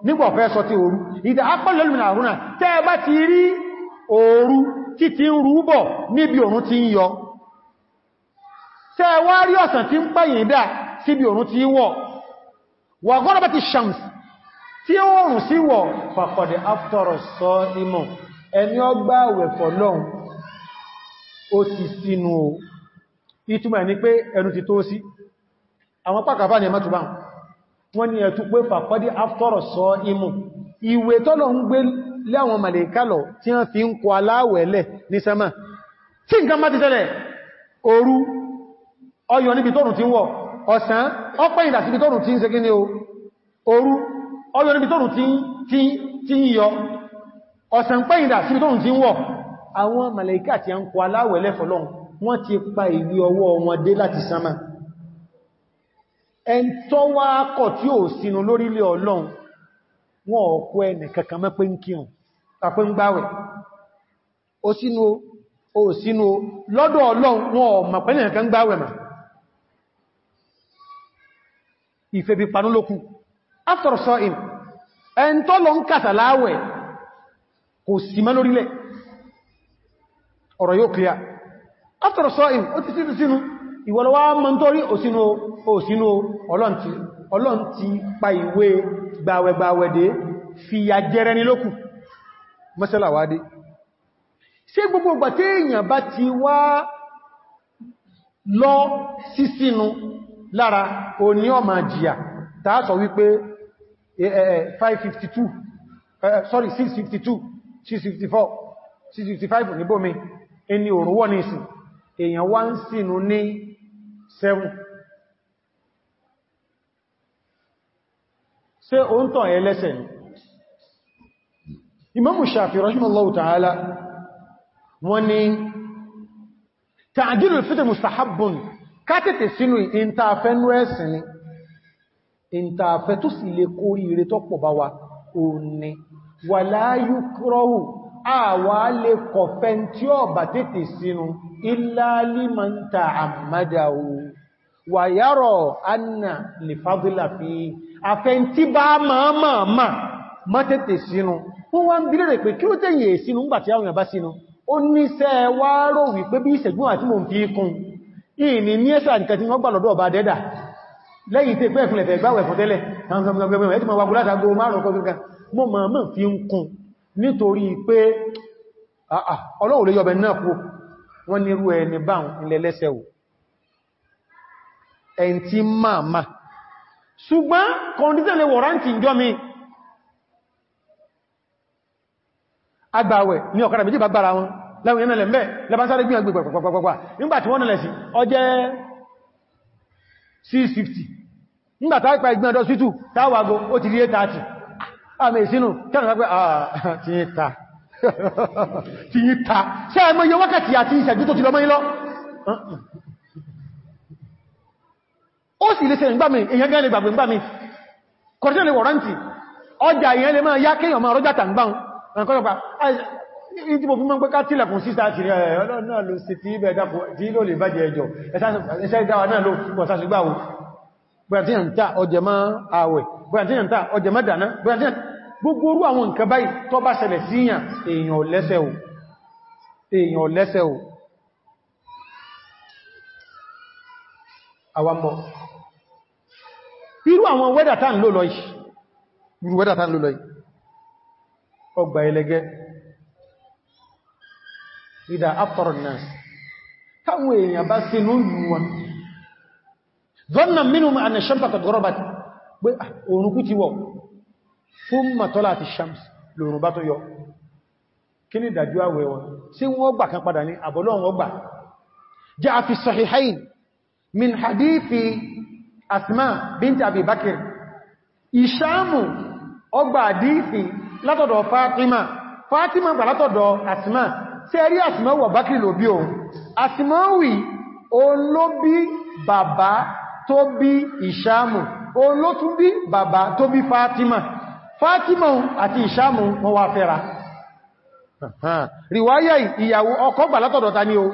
nígbà fẹ́ sọ tí òru ìdá apọ́lọ́lùmìnà àrúnà tẹ́ bá ti rí oru tí ti ń rúbọ̀ níbi ti ń yọ tẹ́ wá rí ti tí ń pẹ̀yìn si síbi òrùn ti wọ̀ wà gọ́nàbà ti shams tí òrùn sí wọ̀ fàkọ̀dẹ̀ aftọ́rọ̀ sọ pe ti wọ́n ní ẹ̀tù pé fàkọ́dí aftọ́rọ̀ sọ imú ìwé tọ́lọ ń gbé láwọn màlẹ̀kálọ̀ tí wọ́n fi ń kọ aláwẹ̀lẹ̀ ní sẹ́mà tí nǹkan má ti tẹ́lẹ̀ òru ọyọ̀ níbi tọ́rùn ti wọ̀ ọ̀sán ọpẹ́ ìdà síbi ti ń ṣe kíní o òru ọyọ̀ níbi tọ́rùn ti ń yọ ọ̀sán pẹ́ ìdà síbi tọ́rùn ti ń wọ̀ àwọn màlẹ̀ká ti ń kọ aláwẹ̀lẹ̀ ẹn wá kọ̀ tí ò sínú lórílẹ̀ ọlọ́run wọn ọ̀kọ́ ẹnì kankan mẹ́ pé ń kírun tàpé ń gbáwẹ̀ ó sínú ó sínú lọ́dọ̀ ọlọ́run wọn ọ̀mà ma. lọ kò ọ̀rọ̀ yóò clear after so him ó ti sínú sínú ìwọ̀lọ́wà mọ́ torí òsínú òsínú ọlọ́n ti pa ìwé gbàwẹ̀gbàwẹ̀dẹ̀ fi àjẹrẹ ní lókù mọ́sẹ́làwádé ṣe gbogbo ìgbà tí èèyàn bá ti wá lọ sísínú lára òní ọmọ àjìyà tàá sọ wípé 552 sorry 652 654 655 níbòmí ẹni òrùwọ́ ní ìsìn èèyàn wá ń sínú ní 7 ṣe o ń tàn ẹlẹ́sẹ̀ ni imamu shafi rahimallahu ta'ala wọ́n ni ta'adilul fitr mustahabbun kátẹ̀tẹ̀ sínú ìntàfẹ́ nú ẹ̀sìn ni ìntàfẹ́ tó sì lè kó ire tọ́pọ̀ bá wa ò ní wà láyú kúrọ́hù àwà lè kọ̀fẹ́ tí ọ bà sínú ìlàlí ma wà yàrọ̀ anna lè fàdílà fi àfẹ́ntí bá máa máa máa má tètè sínú wọ́n wá ń bí lẹ́rẹ̀ pé kí ló tẹ́ yẹ̀ sínú ń gbàtí àwọn ìyàbá sínú ó níṣẹ́ wá rò wípé bí ìṣẹ̀gbọ́n àti mò ń fi kún ìní ní ẹ́sà nǹkan tí wọ́n gbà lọ́dọ̀ ọba dẹ́dà lẹ́yìn tí pẹ́ ìfìnlẹ̀fẹ̀ ìgbàwẹ̀ fún tẹ́lẹ̀ wọ́n ni irú ẹni báhùn ẹn tí máa máa ṣùgbọ́n kọndíṣẹ́ lè wọ̀rántí ìjọ mi agbàwẹ̀ ní ọ̀kadà méjì bá gbára wọn láwọn yẹn lẹ́m̀bẹ̀ lẹ́bánsáré gbíyànjú pàpàpàpàpà nígbàtí wọ́n nẹ̀lẹ̀ sí ọjẹ́ 650 nígbàtá ipa ìgbìn ti ah, ta ó sì lè ṣe ìgbàmì èyàn gẹ́lẹ̀ gbàgbé ìgbàmì kọ̀rọ̀tí lè wọ̀rántì ọjà èyàn lè máa yá kéèyàn máa rọ́jà tàǹgbàun ẹ̀kọ́lọpàá ìdí mo fi mọ́ pé ká tílẹ̀kùn sí sáà tìrẹ ọlọ́run náà ló sì tí ibẹ̀ dápò tí ló lè bá jẹ ẹjọ́ ẹ̀ṣẹ́ ìdáwà náà ló pọ̀ sásùgbàwò bẹ̀rẹ̀tíyàntà ọjẹ̀mọ́ ààwẹ̀ bẹ̀rẹ̀tíyàntà ọjẹ̀mọ́ dáná bẹ̀rẹ̀tíyàntà gbogbo orú àwọn nǹkan báyìí tó bá ṣẹlẹ̀ síyàn èèyàn lẹ́sẹ̀ o àwàmọ̀ irú àwọn wẹ́dà tán ló lọ yìí irú wẹ́dà tán ló lọ yìí ọgbà ẹlẹgẹ́ ìdá after nas táwọn èèyàn bá sínú ìlú wọn zọ́nà mínú ma ànà ṣamsa kà gọ́rọ̀bá pé òòrùn ah, kú ti wọ̀ fún matọ́lá àti shams Asma bint Abi Bakir. Ishamu ọgbà àdífì látọ̀dọ̀ Fatima Fátímà gbà látọ̀dọ̀ Asma. Ṣé rí Asma wà Bakir ló bí o? Asma wì olóbí bàbá tó bí Ìṣàmù. Olótúnbí bàbá tó bí Fátímà. Fátímà àti Ìṣàmù wọ́n wá fẹ́ra. Rìwáyà ìyàwó ọkọ gbà látọ̀dọ̀ ta ni o?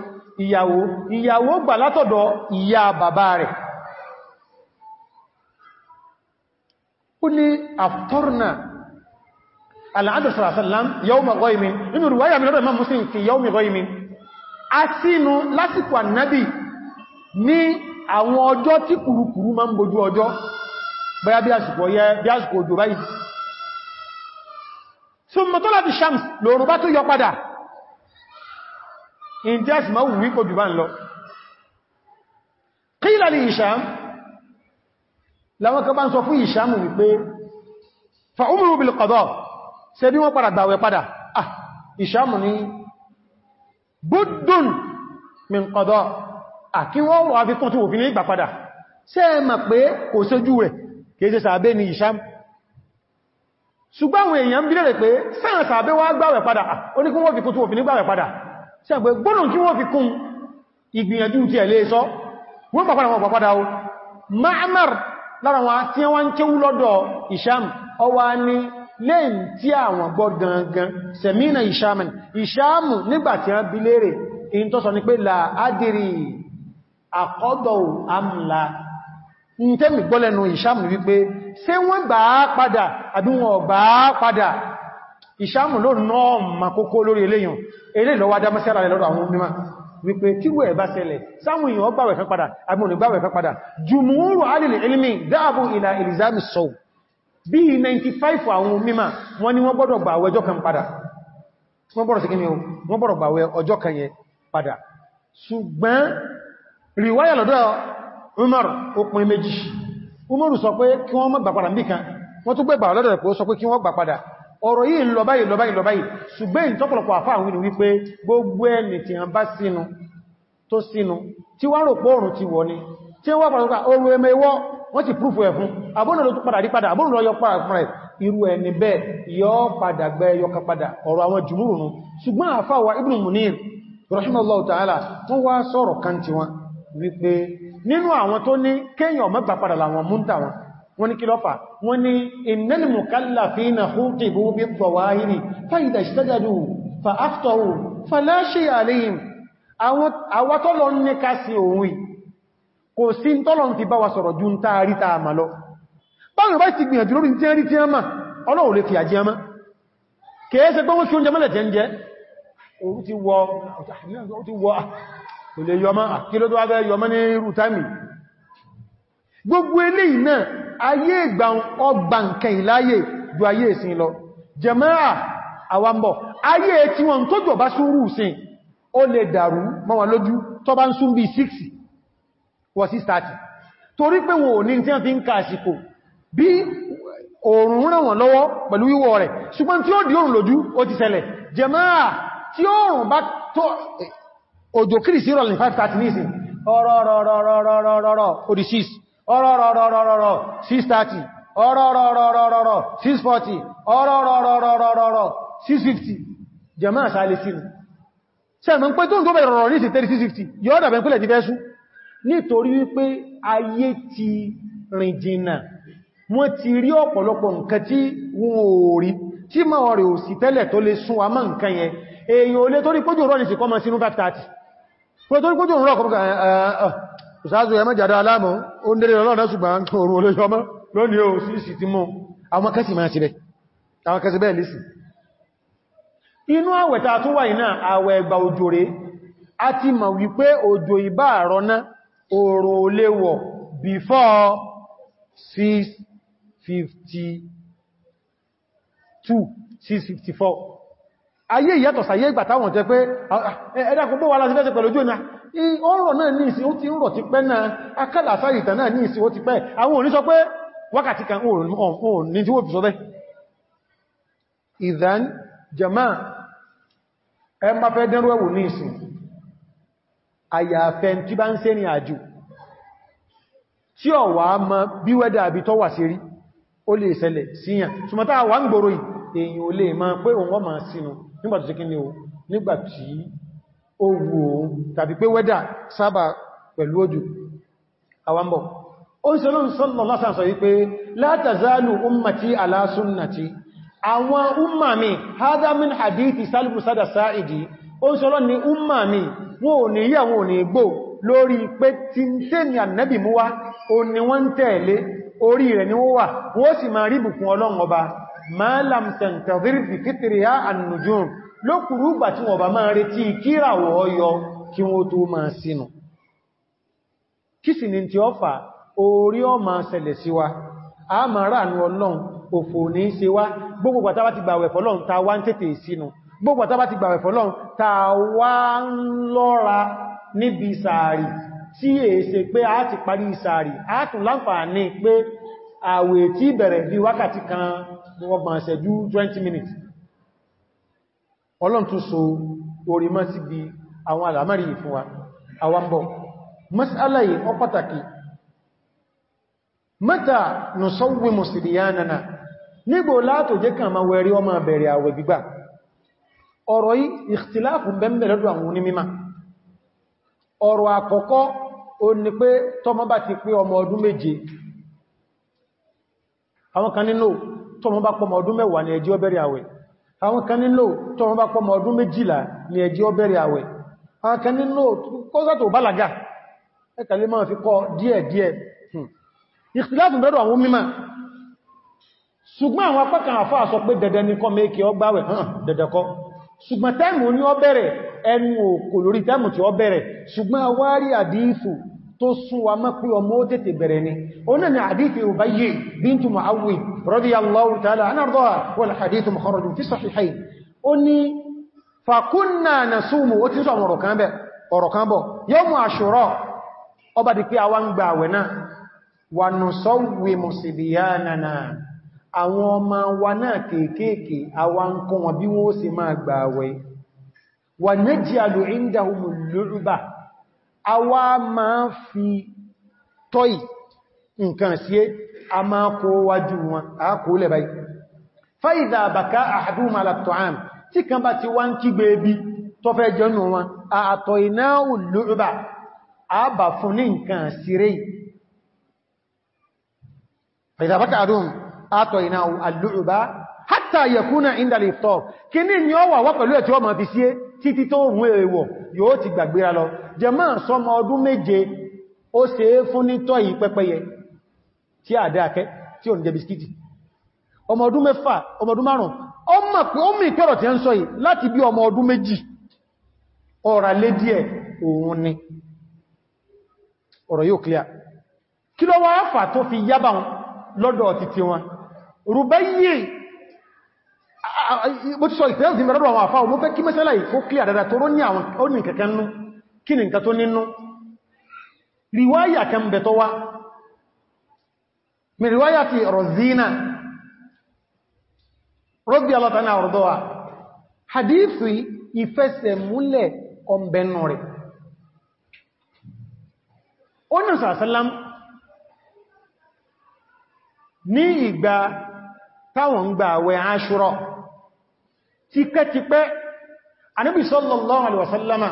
Ìyàwó, ìyàwó gbà látọ̀dọ̀ ìyá bàbá rẹ̀. ó ní àftọ́rnà aláàdùsọ̀rọ̀sọ̀lám yawma ghaymin nínú ìrùwáyà mi lọ́dọ̀ Imam Muslim fi yawmi ghaymin a sínú lásìkò annabi ní àwọn ọjọ́ tí kùrùkùrù ma ń bojú ọjọ́ báyá bí àsìkò ọyẹ́ bí àsìkò òjò báyìí summa tọ́lábi shams lóòrùn bá tó yọ padà in láwọn kan bá ń sọ fún ìṣàmù wípé fa umru bil qada ṣe bí wọ́n padà gbàwẹ̀ padà ah ìṣàmù ní buddun min qada àkí ah, wọ́n wà fi kún tí wò fi ní ìgbà padà ṣe é mọ̀ pé kò sójú rẹ̀ kìí ṣe sàábé ni ìṣàmù ṣùgbọ́n àwọn èèyàn bí lẹ́rẹ̀ pé sáà lára wọn tí wọ́n ń kéwú lọ́dọ̀ ìṣàm ọwá ní lẹ́yìn tí àwọn gbọ́ gangan sẹ̀mínà ìṣàmì ìṣàmù nígbàtí wọ́n bí lérè in tó sọ ní pé là ádìrí àkọ́dọ̀ àmìlà ń tẹ́mì gbọ́lẹ̀nu ìṣàmù wípé ṣé wọ́n gbà á padà àbí ìṣàmù ló náà mà lórí eléyàn eléyìn lọ́wọ́ adámọ́sí ara rẹ̀ lọ́dọ̀ àwọn mímọ̀ wípé tíwẹ̀ ẹ̀bá ṣẹlẹ̀ sáwọn èèyàn gbàwẹ̀ kan padà agbóhùn gbàwẹ̀ kan padà jùmúúrù alìlẹ̀ ilmi dáàbò ìlà ìlìzàmì sọ bí i 95 àwọn mímà wọ́n ní wọ́n gbọ́dọ̀ gbàwẹ̀ ọjọ́ kan padà wọ́n gbọ́dọ̀ gbàwẹ̀ ọjọ́ kan yẹn padà ṣùgbọ́n riwaya lọ́dọ̀ Umar ó pín méjì Umar sọ pé kí wọ́n má gbà padà níbìkan wọ́n tún gbẹ̀gbà ọ̀rọ̀ yìí lọ́báyìí lọ́báyìí lọ́báyìí ṣùgbẹ́ ìtọ́pọ̀lọpọ̀ àfáà wí ni wípé gbogbo ẹni tí a bá sínú tó sínú tí wá rò pọ́ọ̀rùn ti wọ̀ ni tí wọ́n pàtàkì oru ẹmẹ ìwọ́ wọ́n ti prúfù ẹ̀fún abónà ló tún padà rí padà abónà lọ́yọ́ padà fún rẹ̀ irú ẹni bẹ́ẹ̀ yọ́ padà wa Ibn Munir rahimahullahu ta'ala wọ́n wá sọ̀rọ̀ kan ti wọn wípé nínú àwọn tó ní kéèyàn mẹ́gbà wọ́n ní kílọ́pà wọ́n ní innal mukallafina khutibu bidh-dhawahiri fa idha ijtahadu fa aftaru fala shay'a alayhim àwọn tọ́lọ ń ní ká sí òun kò sí tọ́lọ ń fi bá wa sọ̀rọ̀ ju ń taari ta ti gbìyànjú lórí tí ẹrí tí a máa ọlọ́wọ̀ lè fi gbogbo eléyìí náà ayé ìgbà ọgbà nǹkan ìláyè ju ayé ìsìn lọ jẹmọ́ra àwambọ̀ ayé tí wọ́n tó jọ bá súnrú ìsìn ó lè dàrú mọ́ wọn lójú tó bá ń sún bí 60 wọ́n sí 30 torí pé wọn ò ní tí wọ́n fi ń ka àsìkò bí oòrùn ràn wọ́n lọ́wọ́ pẹ̀lú òjò kìrì sí rọ̀lẹ̀ 530 nísìn ọ̀rọ̀rọ̀rọ̀rọ̀rọ̀rọ̀ òdì ọ̀rọ̀rọ̀rọ̀rọ̀rọ̀ 630 ọ̀rọ̀rọ̀rọ̀rọ̀rọ̀ 640 ọ̀rọ̀rọ̀rọ̀rọ̀rọ̀ 650 jẹ̀mọ́ àṣàlẹ̀ sínú sẹ́mọ̀ pé tó ń tó bẹ̀rẹ̀ rọ̀rọ̀ ní sí 3650 yóò dàbẹ̀ pẹ́lẹ̀ ti fẹ́ṣú nítorí wípé ayé ti rìn jìnnà wọ́n ti rí ọ̀pọ̀lọpọ̀ nǹkan tí wọ́n ò rí tí ma wọ́n rí ò sí tẹ́lẹ̀ tó lè sún àmá nǹkan yẹn èyàn olè torí pójú rọ́ ní sí kọ́mọ sínú 530 ìsáàzù ẹmọ́ jàdá aláàmù ó ń dẹ́rẹ̀ ọlọ́rọ̀ ṣùgbọ́n orú olóṣọ́mọ́ lónìí o sí sí ti mọ́ àwọn kẹsì máa ṣe rẹ̀ àwọn kẹsì bẹ́ẹ̀ lè sì inú àwẹ̀ta tó wà iná àwẹ̀ ẹgbà òjò rẹ̀ a ti mọ̀ wípé òjò ìbá oòrùn oléwọ̀ before ayé ìyàtọ̀ sàyé ìgbà táwọn jẹ pé ah, ah, ẹ̀dàkùn bó wà láti fẹ́sẹ̀ pẹ̀lú ojú ìná ọ̀rọ̀ náà ní ìsìn ó ti ń rọ̀ ti pẹ́ náà akẹ́là sáyì ìtàn náà ní ìsìn ó ti pẹ́ àwọn òní sọ pé wákàtí kan òní tí ó fi sọ bẹ́ ìdán ẹ ma nígbà tó ṣe kí ni o nígbà tí ó wù ó tàbí pé wẹ́dà sábà pẹ̀lú òjò àwambọ̀ ó ń sọ́lọ́n sọ́lọ́ lásán sọ wípé la tazalu ummati ala sunnati àwọn umma mi hadha min hadithi salibu sada sa'idi ó ń sọ́lọ́ ni umma mi wọn ò ní yà wọn ò ní gbò lórí pé tí ń tẹ́ ni ànẹ́bì mú wá o wọ́n ń orí rẹ̀ ni wọ́n wà wọ́n sì máa rí bùkún ọlọ́run ọba ma lam tantazir bi fitriha an-nujum lókùrú gbà tí wọ́n bá máa retí kíràwọ̀ ọyọ kí wọ́n tó máa sínú kí sì ni tí ó fà orí ọ máa ṣẹlẹ̀ sí wa a máa ráànú ọlọ́run òfò ní ṣe wá gbogbo pàtàbá ti gbàwẹ̀ fọ́lọ́run ta wá ń tètè sínú gbogbo pàtàbá ti gbàwẹ̀ fọ́lọ́run ta wá ń lọ́ra níbi sàárì tí è ṣe pé a ti parí sàárì a tún láǹfààní pé àwẹ̀ tí bẹ̀rẹ̀ bí wákàtí kan ọgbọ̀n ìṣẹ́jú 20 minutes ọlọ́n tún so orí mọ́ sí bí àwọn àlàmárì fún wa àwambọ̀ masalaye ọ pàtàkì mẹ́ta nùsọ́wé mùsìlìyànana nígbò látò jẹ́ kàmà wẹ̀rí ọmọ bẹ̀rẹ̀ àwẹ̀ gbígbà ọ̀rọ̀ yìí ìkhtìláàfù bẹ̀m̀bẹ̀ lọ́dọ̀ àwọn onímímà o ní pé tọ́mọ bá ti pé ọmọ ọdún àwọn kan nínú tọ́mọ bá pọmọ ọdún mẹ́wàá ní ẹjí ó bẹ̀rẹ̀ àwẹ̀ àwọn kan nílò tọ́mọ bá pọmọ ọdún méjìlá ní ẹjí ó bẹ̀rẹ̀ àwẹ̀ àwọn kan nílò kọ́sàtò bálàgà ẹkàlẹ́ máa fi kọ́ díẹ̀díẹ̀ ìfìlàtù bẹ̀rọ àwọn mímọ̀ ṣùgbọ́n àwọn apákan àfá sọ pé dẹ̀dẹ̀ ní kọ́ mẹ́kẹ́ ọgbáwẹ̀ hàn dẹ̀dẹ̀ tó súnwa mọ́ pé ọmọ ó tètè bẹ̀rẹ̀ ni ó náà ni àdífì Ubayy bíntu Mu'awwid radiyallahu ta'ala anha ardaha wal hadithu mukharrajun fi sahihayn ó ní fakunna nasumu ó ti wa náà kéèkéèké àwọn a wá máa fi tọ́ì nǹkan sí a máa kó wájú wọn a kó lẹ̀ báyìí fáìdà bàká àhàdú malatọ́am tí kan bá ti wá ń kígbe ebi tó fẹ́ jọnù wọn a àtọ̀ iná olóòrùbà a bà fún ní nǹkan síré fáìdà bàká àdún àtọ̀ iná olóòrùbà hátà yẹkúnà ìndàlẹ̀ ìfọ́ kí ní ni ọ wà wá yóò ti gbàgbéra lọ jẹmọ́ sọmọ ọdún méje ó ṣe é fún ní tọ́yì pẹ́pẹ́yẹ tí àdá akẹ́ tí ò ní jẹ bisikíti ọmọ ọdún mẹ́fà ọmọ ọdún márùn ó mọ̀ pé ó mì kẹ́rọ̀ tí ń sọ yìí láti bí ọmọ ọdún méjì ọ̀rà lé díẹ̀ òun ni ọ̀rọ̀ yóò clear bó ti sọ ìfẹ́ẹ̀sì mẹ́rọ̀rọ̀ àwọn àfáà mú fẹ́ kí mẹ́sẹ́lá ìkó kí àdádá tó róní àwọn òní kẹ̀kẹ́ nú kí ni nǹkan tó nínú ríwáyà kẹ́mbẹ̀ tó wá mi ríwáyà ti Rozina radiyallahu anha ọ̀rọ̀dọ́wà hadithi ìfẹsẹ̀ múlẹ̀ ọmọbẹ̀nù rẹ̀ ó ní sàásálám ní ìgbà táwọn gbà àwẹ̀ Àṣúrà tipẹ́tipẹ́ Ànábì sallallahu alaihi wasallama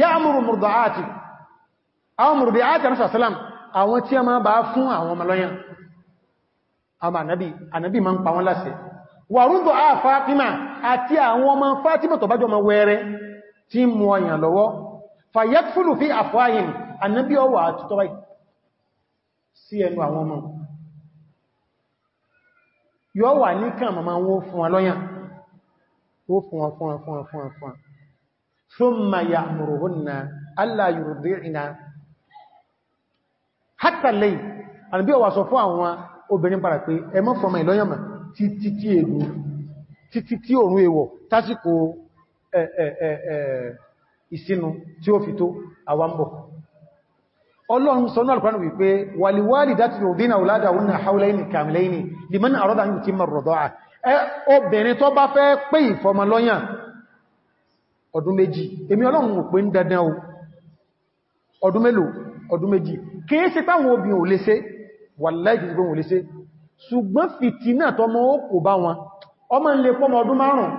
ya'muru murdi'ati àwọn murdi'ati Ànábì sallam àwọn tí a máa bá fún àwọn ọmọlọ́yàn àmà Ànábì Ànábì máa ń pa wọ́n láṣẹ wà rúndò á Fátímà àti àwọn ọmọ Fátímà tó bájọ ọmọ wẹ́rẹ́ tí mú ọyàn lọ́wọ́ fàyẹ́kfúlù fi àfáyìn Ànábì ọwà àtútọ́ sí ẹnu àwọn ọmọ yóò wà ní kàn màmá wọn fún wọn lọ́yàn ó fún wọn fún wọn fún wọn fún wọn fún wọn thumma ya'muruhunna alla yurdi'na hatta al-layl àbí ó wá sọ fún àwọn obìnrin padà pé ẹ mọ́ fọmọ ìlọ́yọ̀mà títí tí èlú títí tí òrùn èwọ̀ tásìkò ìsinu tí ó fi tó àwambọ̀ ọlọ́run sọ náà alkwọ́nà wípé wàlíwàlì dátìlò dínà òládà obìnrin tó bá fẹ́ pé ìfọmọlọ́yàn ọdún méjì èmi ọlọ́run ò pé ń dandan o ọdún mélòó ọdún méjì kìí ṣe táwọn obìnrin ò lè ṣe wà láìkì sí pé wọ́n lè ṣe ṣùgbọ́n fìtínà tọmọ ó kò bá wọn ọmọ ń lè pọ́mọ ọdún márùn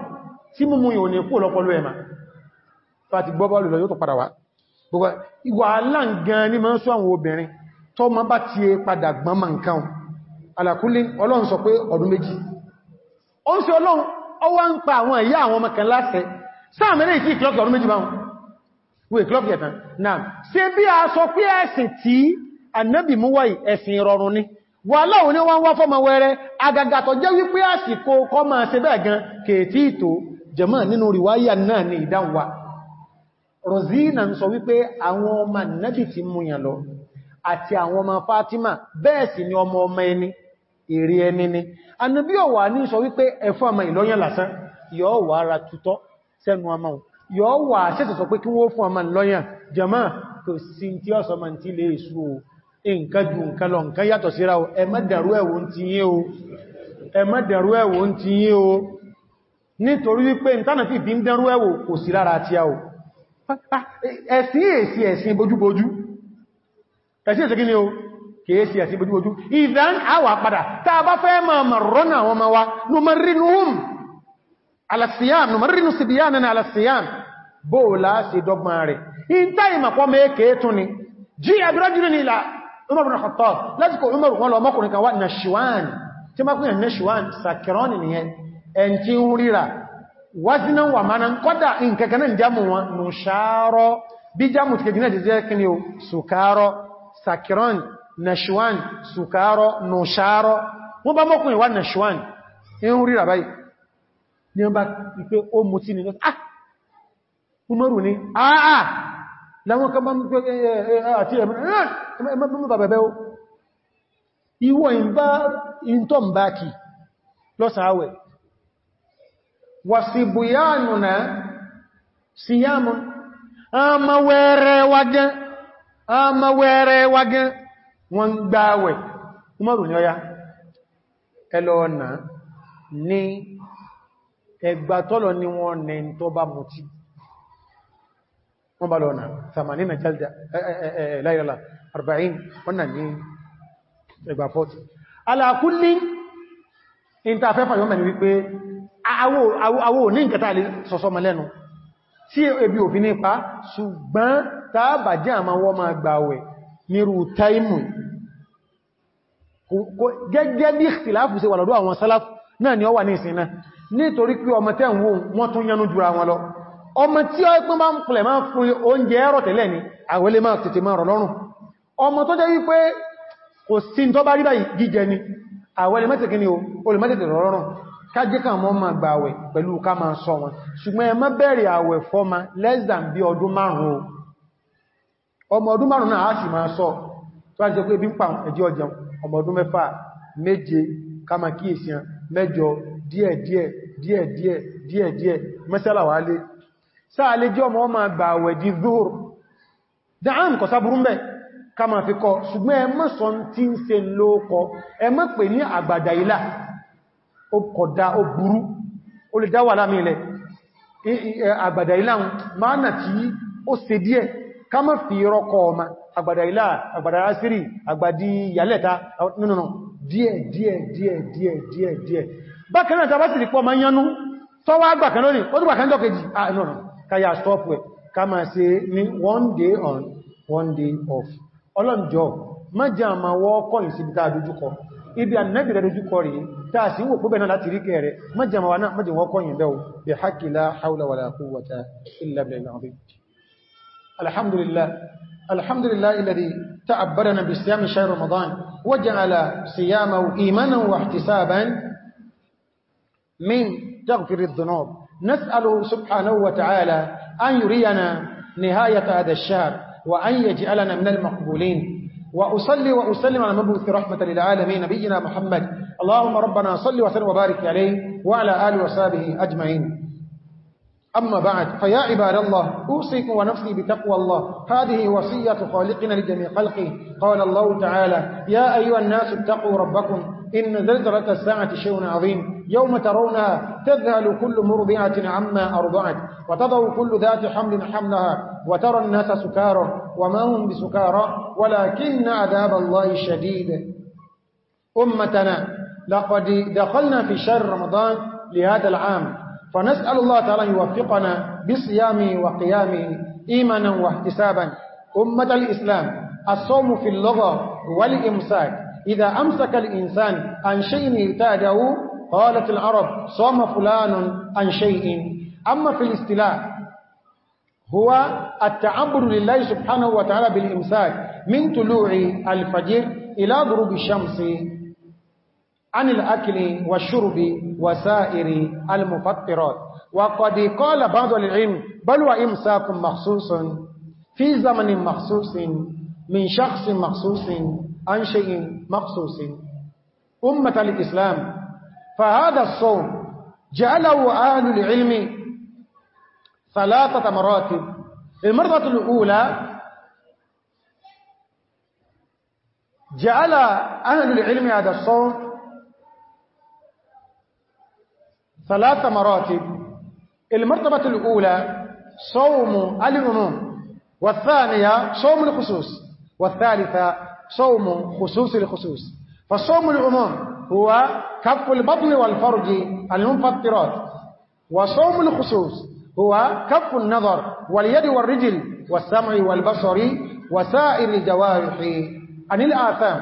tí mú mú ìhòní kú lọ́pọ̀lọ́ ẹ̀mà fàti gbọ́bọ́lù lọ ó ń ṣe ọlọ́run ọwá ń pa àwọn ìyá àwọn ọmọ kan láṣẹ sáàmẹ́lẹ̀ ìtí ìkìlọ́kì ọdún méjì báhùn wé ìkìlọ́kì ẹ̀tàn náà ṣe bí a sọ pé ẹ̀sìn tí ànábì mú wáyì ẹ̀sìn rọrùn ni wà láwọn ní wọ́n wá wípé gan ti lọ ni ẹni ni anàbí ọ̀wà ní sọ wípé ẹ̀fọ́ àmà ìlọ́yàn lásán yóò wà ara tutọ́ sẹ́nu àmà yóò wà ṣẹ́sẹ̀ sọ pé kí wọ́n fún àmà ìlọ́yàn jẹmọ́ kò sí tí ọ sọmọ tí lè sú o nǹkan ju nǹkan lọ nǹkan yàtọ̀ síra o ẹ má dàrú ẹ̀wọ̀n ti yín o ẹ má dàrú ẹ̀wọ̀n ti yín o nítorí wípé ìtànà fi bí ń dàrú ẹ̀wọ̀ kò sí lára àti àwọ̀ ah, ah, ẹ̀sìn èsì ẹ̀sìn bojúbojú ẹ̀sìn èsì kí o kèèsì àti bójúbójú ìdán àwà padà tàà bá fẹ́ ma marrọ́nà wọn ma wá nùmarrinuhum alasiyam nùmarrinu sibiyam nana alasiyam bóòlá sí dogma rẹ̀ in táyì màkọ́ mẹ́ẹ̀kẹ́ tún ni jí abirajúrin ni ilá umar bin khattab láti kò umar wọn lọ mọ́kùnrin ni ẹn wazina wà mana kọ́dà nkẹkẹ́nẹ́ jamu wọn nusharo bí jamu ti kẹjìnà nàṣíwán sùkárọ nùṣàárọ wọ́n bá mọ́kùnrin wá nwa in rí ràbáyì ni ọba pípé ó mú tí nínú ah umaru ni àà ah, ah! láwọn kan bá ń pẹ́ eh, eh, eh, àti ẹ̀mọ́ bàbẹ̀bẹ̀ ó wọ́n gbáwẹ̀ Umaru ní ọya ẹlọ́ọ̀nà ní ẹgbà tọ́lọ ní wọ́n nẹ tó bá mutí wọ́n bá lọ́nà tàmàní na jálda láìrọ̀lá 40 wọ́n nà ní ẹgbà 40 alákúlí ìntàfẹ́fà yọ́mẹ̀ ni wípé àwọ̀ ní ìkẹta lè sọ́sọ́ mọ́ lẹ́nu tí ebi òfin nípa ṣùgbọ́n tàbàjẹ́ nírú táìmù gẹ́gẹ́ bí ìtìláàfù sí wà lọ́dọ̀ àwọn sálàfù náà ni ó wà ní ìsinná nítorí pé ọmọ tẹ́ ń wó wọ́n tún yánú jura wọn lọ ọmọ tí ó pín bá ń pùlẹ̀ máa fún oúnjẹ ẹ̀rọ tẹ́lẹ̀ ni àwẹ́lé máa tètè máa rọ̀ lọ́rùn ọmọ tó jẹ́ wípé kò sí tó bá ríbà jíjẹ ni àwẹ́lé mẹ́tẹ̀kì ni o lè mẹ́tẹ̀tẹ̀ rọ̀ lọ́rùn kájẹ́ mọ́ máa gba àwẹ̀ pẹ̀lú ká máa sọ wọn ṣùgbọ́n ẹ má bẹ̀rẹ̀ àwẹ̀ fọ́ma less than bí ọdún márùn-ún ọmọ ọdún márùn náà á sì máa sọ tó á jẹ́ pé bí ń pa ẹjẹ́ ọjọ́ ọmọ ọdún mẹ́fà méje kama kíyèsí mẹ́jọ díẹ̀díẹ̀ díẹ̀díẹ̀ díẹ̀díẹ̀ mẹ́sẹ́lá wà lé sáà lè jẹ́ ọmọ ọmọ àgbà àwẹ̀ di zuhur dáhàn kama fi kọ ṣùgbọ́n ẹ má sọ tí ń ṣe lóókọ ẹ má pè ní àgbàdà ilá ó kọ̀dá ó burú díẹ̀ ká mọ́ fi rọ́kọ ọmọ àgbàdà ilá àgbàdà asiri àgbàdì yàlẹ́ta nínú díẹ̀ díẹ̀ díẹ̀ díẹ̀ díẹ̀ díẹ̀ bákan náà tàbá sì rí pọ́ ma yánú tọ́wọ́ àgbàkan lónìí ó tó bàkan jọ́kejì ah no no ká yà stop ẹ̀ ká máa ṣe ní off ọlọ́njọ́ májá ma wọ́ kọ́ ìsìbí tá àdójúkọ ibi annabi da dojúkọ rí táà sí wò púpẹ̀ náà láti rí kẹrẹ májá ma wà náà májá wọ́kọ́ yìnbẹ̀ bí hakila الحمد لله الحمد لله الذي تعبرنا بصيام شهر رمضان وجعل صيامه إيمانا واحتسابا من تغفر الذنوب نسأل سبحانه وتعالى أن يرينا نهاية هذا الشهر وأن يجعلنا من المقبولين وأصلي وأسلم على مبعوث رحمة للعالمين نبينا محمد اللهم ربنا صل وسلم وبارك عليه وعلى آله وصحبه أجمعين أما بعد فيا عباد الله أوصيكم ونفسي بتقوى الله هذه وصية خالقنا لجميع خلقه قال الله تعالى يا أيها الناس اتقوا ربكم إن زلزلة الساعة شيء عظيم يوم ترونها تذهل كل مرضعة عما أرضعت وتضع كل ذات حمل حملها وترى الناس سكارى وما هم بسكارى ولكن عذاب الله شديد أمتنا لقد دخلنا في شهر رمضان لهذا العام فنسأل الله تعالى يوفقنا بصيامه وقيامه إيمانا واحتسابا أمة الإسلام الصوم في اللغة والإمساك إذا أمسك الإنسان عن شيء يتاجه قالت العرب صام فلان عن شيء أما في الاستلاء هو التعبر لله سبحانه وتعالى بالإمساك من طلوع الفجر إلى غروب الشمس عن الأكل والشرب وسائر المفطرات وقد قال بعض العلم بل وإمساك مخصوص في زمن مخصوص من شخص مخصوص عن شيء مخصوص أمة الإسلام فهذا الصوم جعله أهل العلم ثلاثة مراتب المرة الأولى جعل أهل العلم هذا الصوم ثلاث مراتب المرتبة الأولى صوم العموم والثانية صوم الخصوص والثالثة صوم خصوص الخصوص فصوم العموم هو كف البطن والفرج المنفطرات وصوم الخصوص هو كف النظر واليد والرجل والسمع والبصر وسائر الجوارح عن الآثام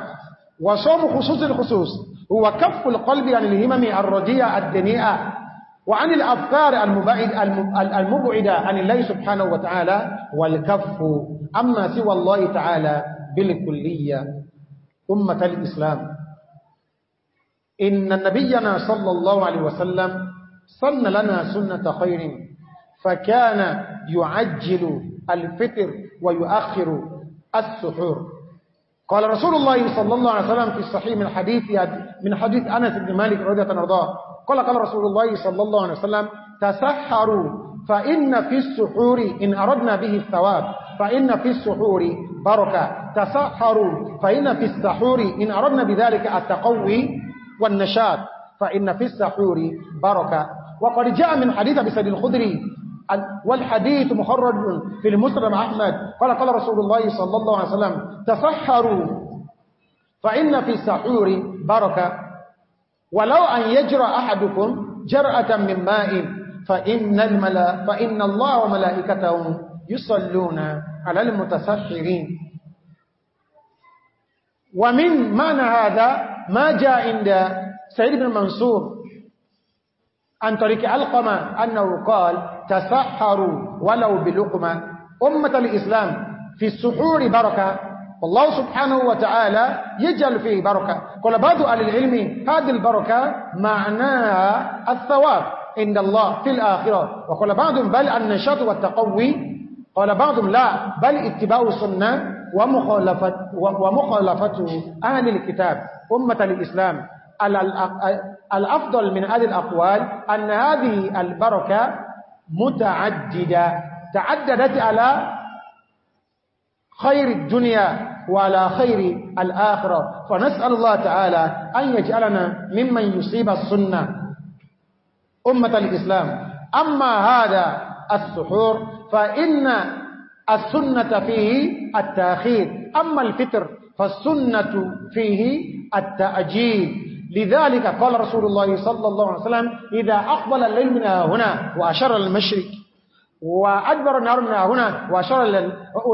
وصوم خصوص الخصوص هو كف القلب عن الهمم الرديئة الدنيئة وعن الأفكار المبعدة عن الله سبحانه وتعالى والكف أما سوى الله تعالى بالكلية أمة الإسلام إن نبينا صلى الله عليه وسلم صن لنا سنة خير فكان يعجل الفطر ويؤخر السحور قال رسول الله صلى الله عليه وسلم في الصحيح من حديث من حديث أنس بن مالك رضي الله عنه قال قال رسول الله صلى الله عليه وسلم تسحروا فإن في السحور إن أردنا به الثواب فإن في السحور بركة تسحروا فإن في السحور إن أردنا بذلك التقوي والنشاط فإن في السحور بركة وقد جاء من حديث بسد الخدري والحديث مخرج في المسلم أحمد قال قال رسول الله صلى الله عليه وسلم تسحروا فإن في السحور بركة ولو أن يجرى أحدكم جرأة من ماء فإن, فإن الله وملائكته يصلون على المتسحرين ومن معنى هذا ما جاء عند سيد بن منصور عن طريق القمة أنه قال تسحروا ولو بلقمة أمة الإسلام في السحور بركة والله سبحانه وتعالى يجعل فيه بركة قال بعض أهل العلم هذه البركة معناها الثواب عند الله في الآخرة وقال بعضهم بل النشاط والتقوي قال بعضهم لا بل اتباع سنة ومخالفته أهل الكتاب أمة الإسلام الأفضل من هذه الأقوال أن هذه البركة متعددة تعددت على خير الدنيا وعلى خير الآخرة فنسأل الله تعالى أن يجعلنا ممن يصيب السنة أمة الإسلام أما هذا السحور فإن السنة فيه التأخير أما الفطر فالسنة فيه التأجيل لذلك قال رسول الله صلى الله عليه وسلم إذا أقبل الليل من هنا وأشر المشرك وأدبر النهار من هنا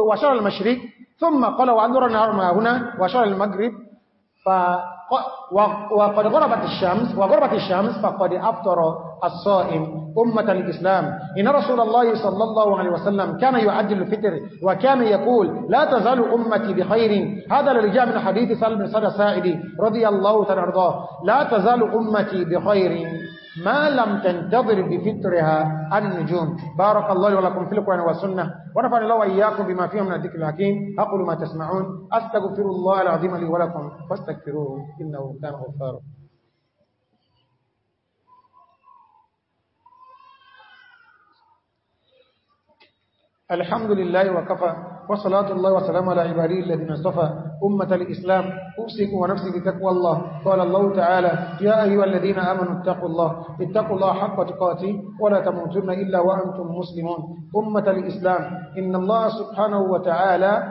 وأشر المشرك ثم قال وأدبر النهار من هنا وأشر المغرب وقد غربت الشمس وغربت الشمس فقد أفطر الصائم أمة الإسلام إن رسول الله صلى الله عليه وسلم كان يعدل الفطر وكان يقول لا تزال أمتي بخير هذا لرجاء من حديث سلم صدى سائدي رضي الله تنرضاه لا تزال أمتي بخير ما لم تنتظر بفطرها النجوم بارك الله ولكم في القرآن والسنة ونفعني الله وإياكم بما فيهم من الذكر الحكيم أقول ما تسمعون أستغفر الله العظيم لي ولكم فاستغفروه إنه كان غفارا الحمد لله وكفى وصلاة الله وسلام على عباده الذين اصطفى أمة الإسلام أوصيكم ونفسي بتقوى الله قال الله تعالى يا أيها الذين آمنوا اتقوا الله اتقوا الله حق تقاته ولا تموتن إلا وأنتم مسلمون أمة الإسلام إن الله سبحانه وتعالى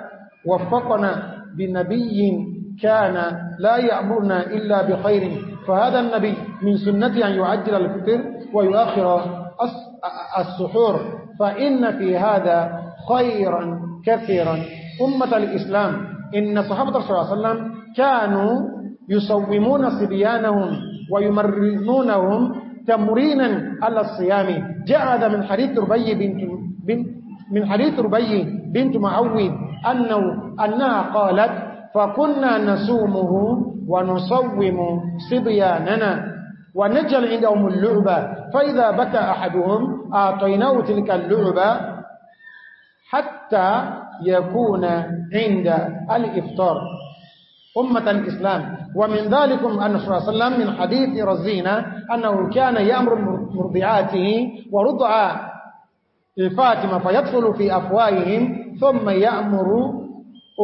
وفقنا بنبي كان لا يأمرنا إلا بخير فهذا النبي من سنته أن يعجل الفطر ويؤخر السحور فإن في هذا خيرا كثيرا أمة الإسلام إن صحابة الرسول صلى الله عليه وسلم كانوا يصومون صبيانهم ويمرنونهم تمرينا على الصيام جاء هذا من حديث ربي بنت من حديث ربي بنت معوذ أنه أنها قالت فكنا نسومه ونصوم صبياننا ونجل عندهم اللعبة فإذا بكى أحدهم أعطيناه تلك اللعبة حتى يكون عند الإفطار أمة الإسلام ومن ذلك أن صلى الله عليه وسلم من حديث رزينا أنه كان يأمر مرضعاته ورضع الفاتمة فيدخل في أفواههم ثم يأمر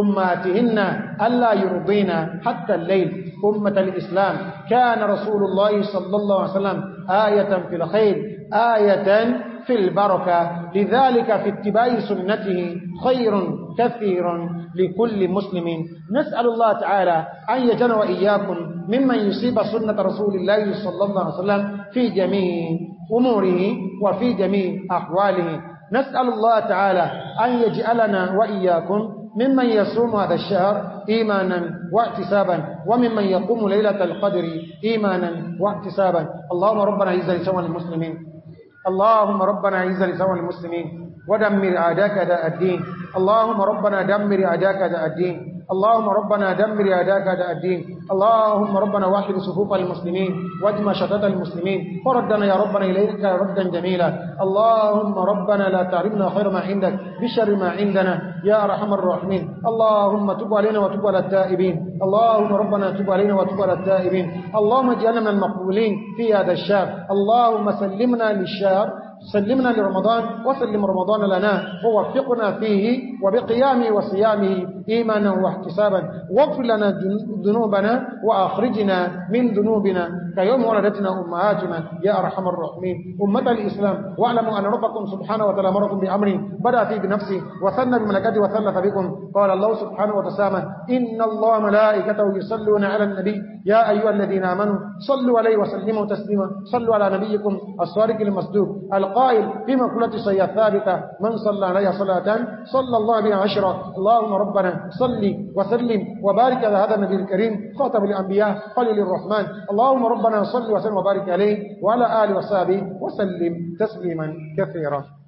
أماتهن ألا يرضين حتى الليل أمة الإسلام كان رسول الله صلى الله عليه وسلم آية في الخير آية في البركة لذلك في اتباع سنته خير كثير لكل مسلم نسأل الله تعالى أن يجن وإياكم ممن يصيب سنة رسول الله صلى الله عليه وسلم في جميع أموره وفي جميع أحواله نسأل الله تعالى أن يجعلنا وإياكم ممن يصوم هذا الشهر إيمانا واحتسابا وممن يقوم ليلة القدر إيمانا واحتسابا اللهم ربنا عز لسوى المسلمين اللهم ربنا عز لسوء المسلمين ودمر أعداك داء الدين اللهم ربنا دمر أعداك داء الدين اللهم ربنا دمر أعداءك أداء الدين اللهم ربنا واحد صفوف المسلمين واجمع شتات المسلمين وردنا يا ربنا إليك ردا جميلا اللهم ربنا لا تعرفنا خير ما عندك بشر ما عندنا يا أرحم الراحمين اللهم تب علينا وتب على التائبين اللهم ربنا تب علينا وتب على التائبين اللهم اجعلنا من المقبولين في هذا الشهر اللهم سلمنا للشهر سلمنا لرمضان وسلم رمضان لنا ووفقنا فيه وبقيامه وصيامه إيمانا واحتسابا واغفر لنا ذنوبنا وأخرجنا من ذنوبنا كيوم ولدتنا أمهاتنا يا أرحم الراحمين أمة الإسلام واعلموا أن ربكم سبحانه وتعالى مركم بأمر بدأ فيه بنفسه وثنى بملكاته وثلث بكم قال الله سبحانه وتسامى إن الله ملائكته يصلون على النبي يا أيها الذين آمنوا صلوا عليه وسلموا تسليما صلوا على نبيكم الصارق المصدوق القائل في مقولة صيا الثابتة من صلى عليها صلاة صلى الله بها عشرة اللهم ربنا صلي وسلم وبارك على هذا النبي الكريم خاتم الأنبياء قليل الرحمن اللهم رب ربنا صل وسلم وبارك عليه وعلى آله وصحبه وسلم تسليما كثيرا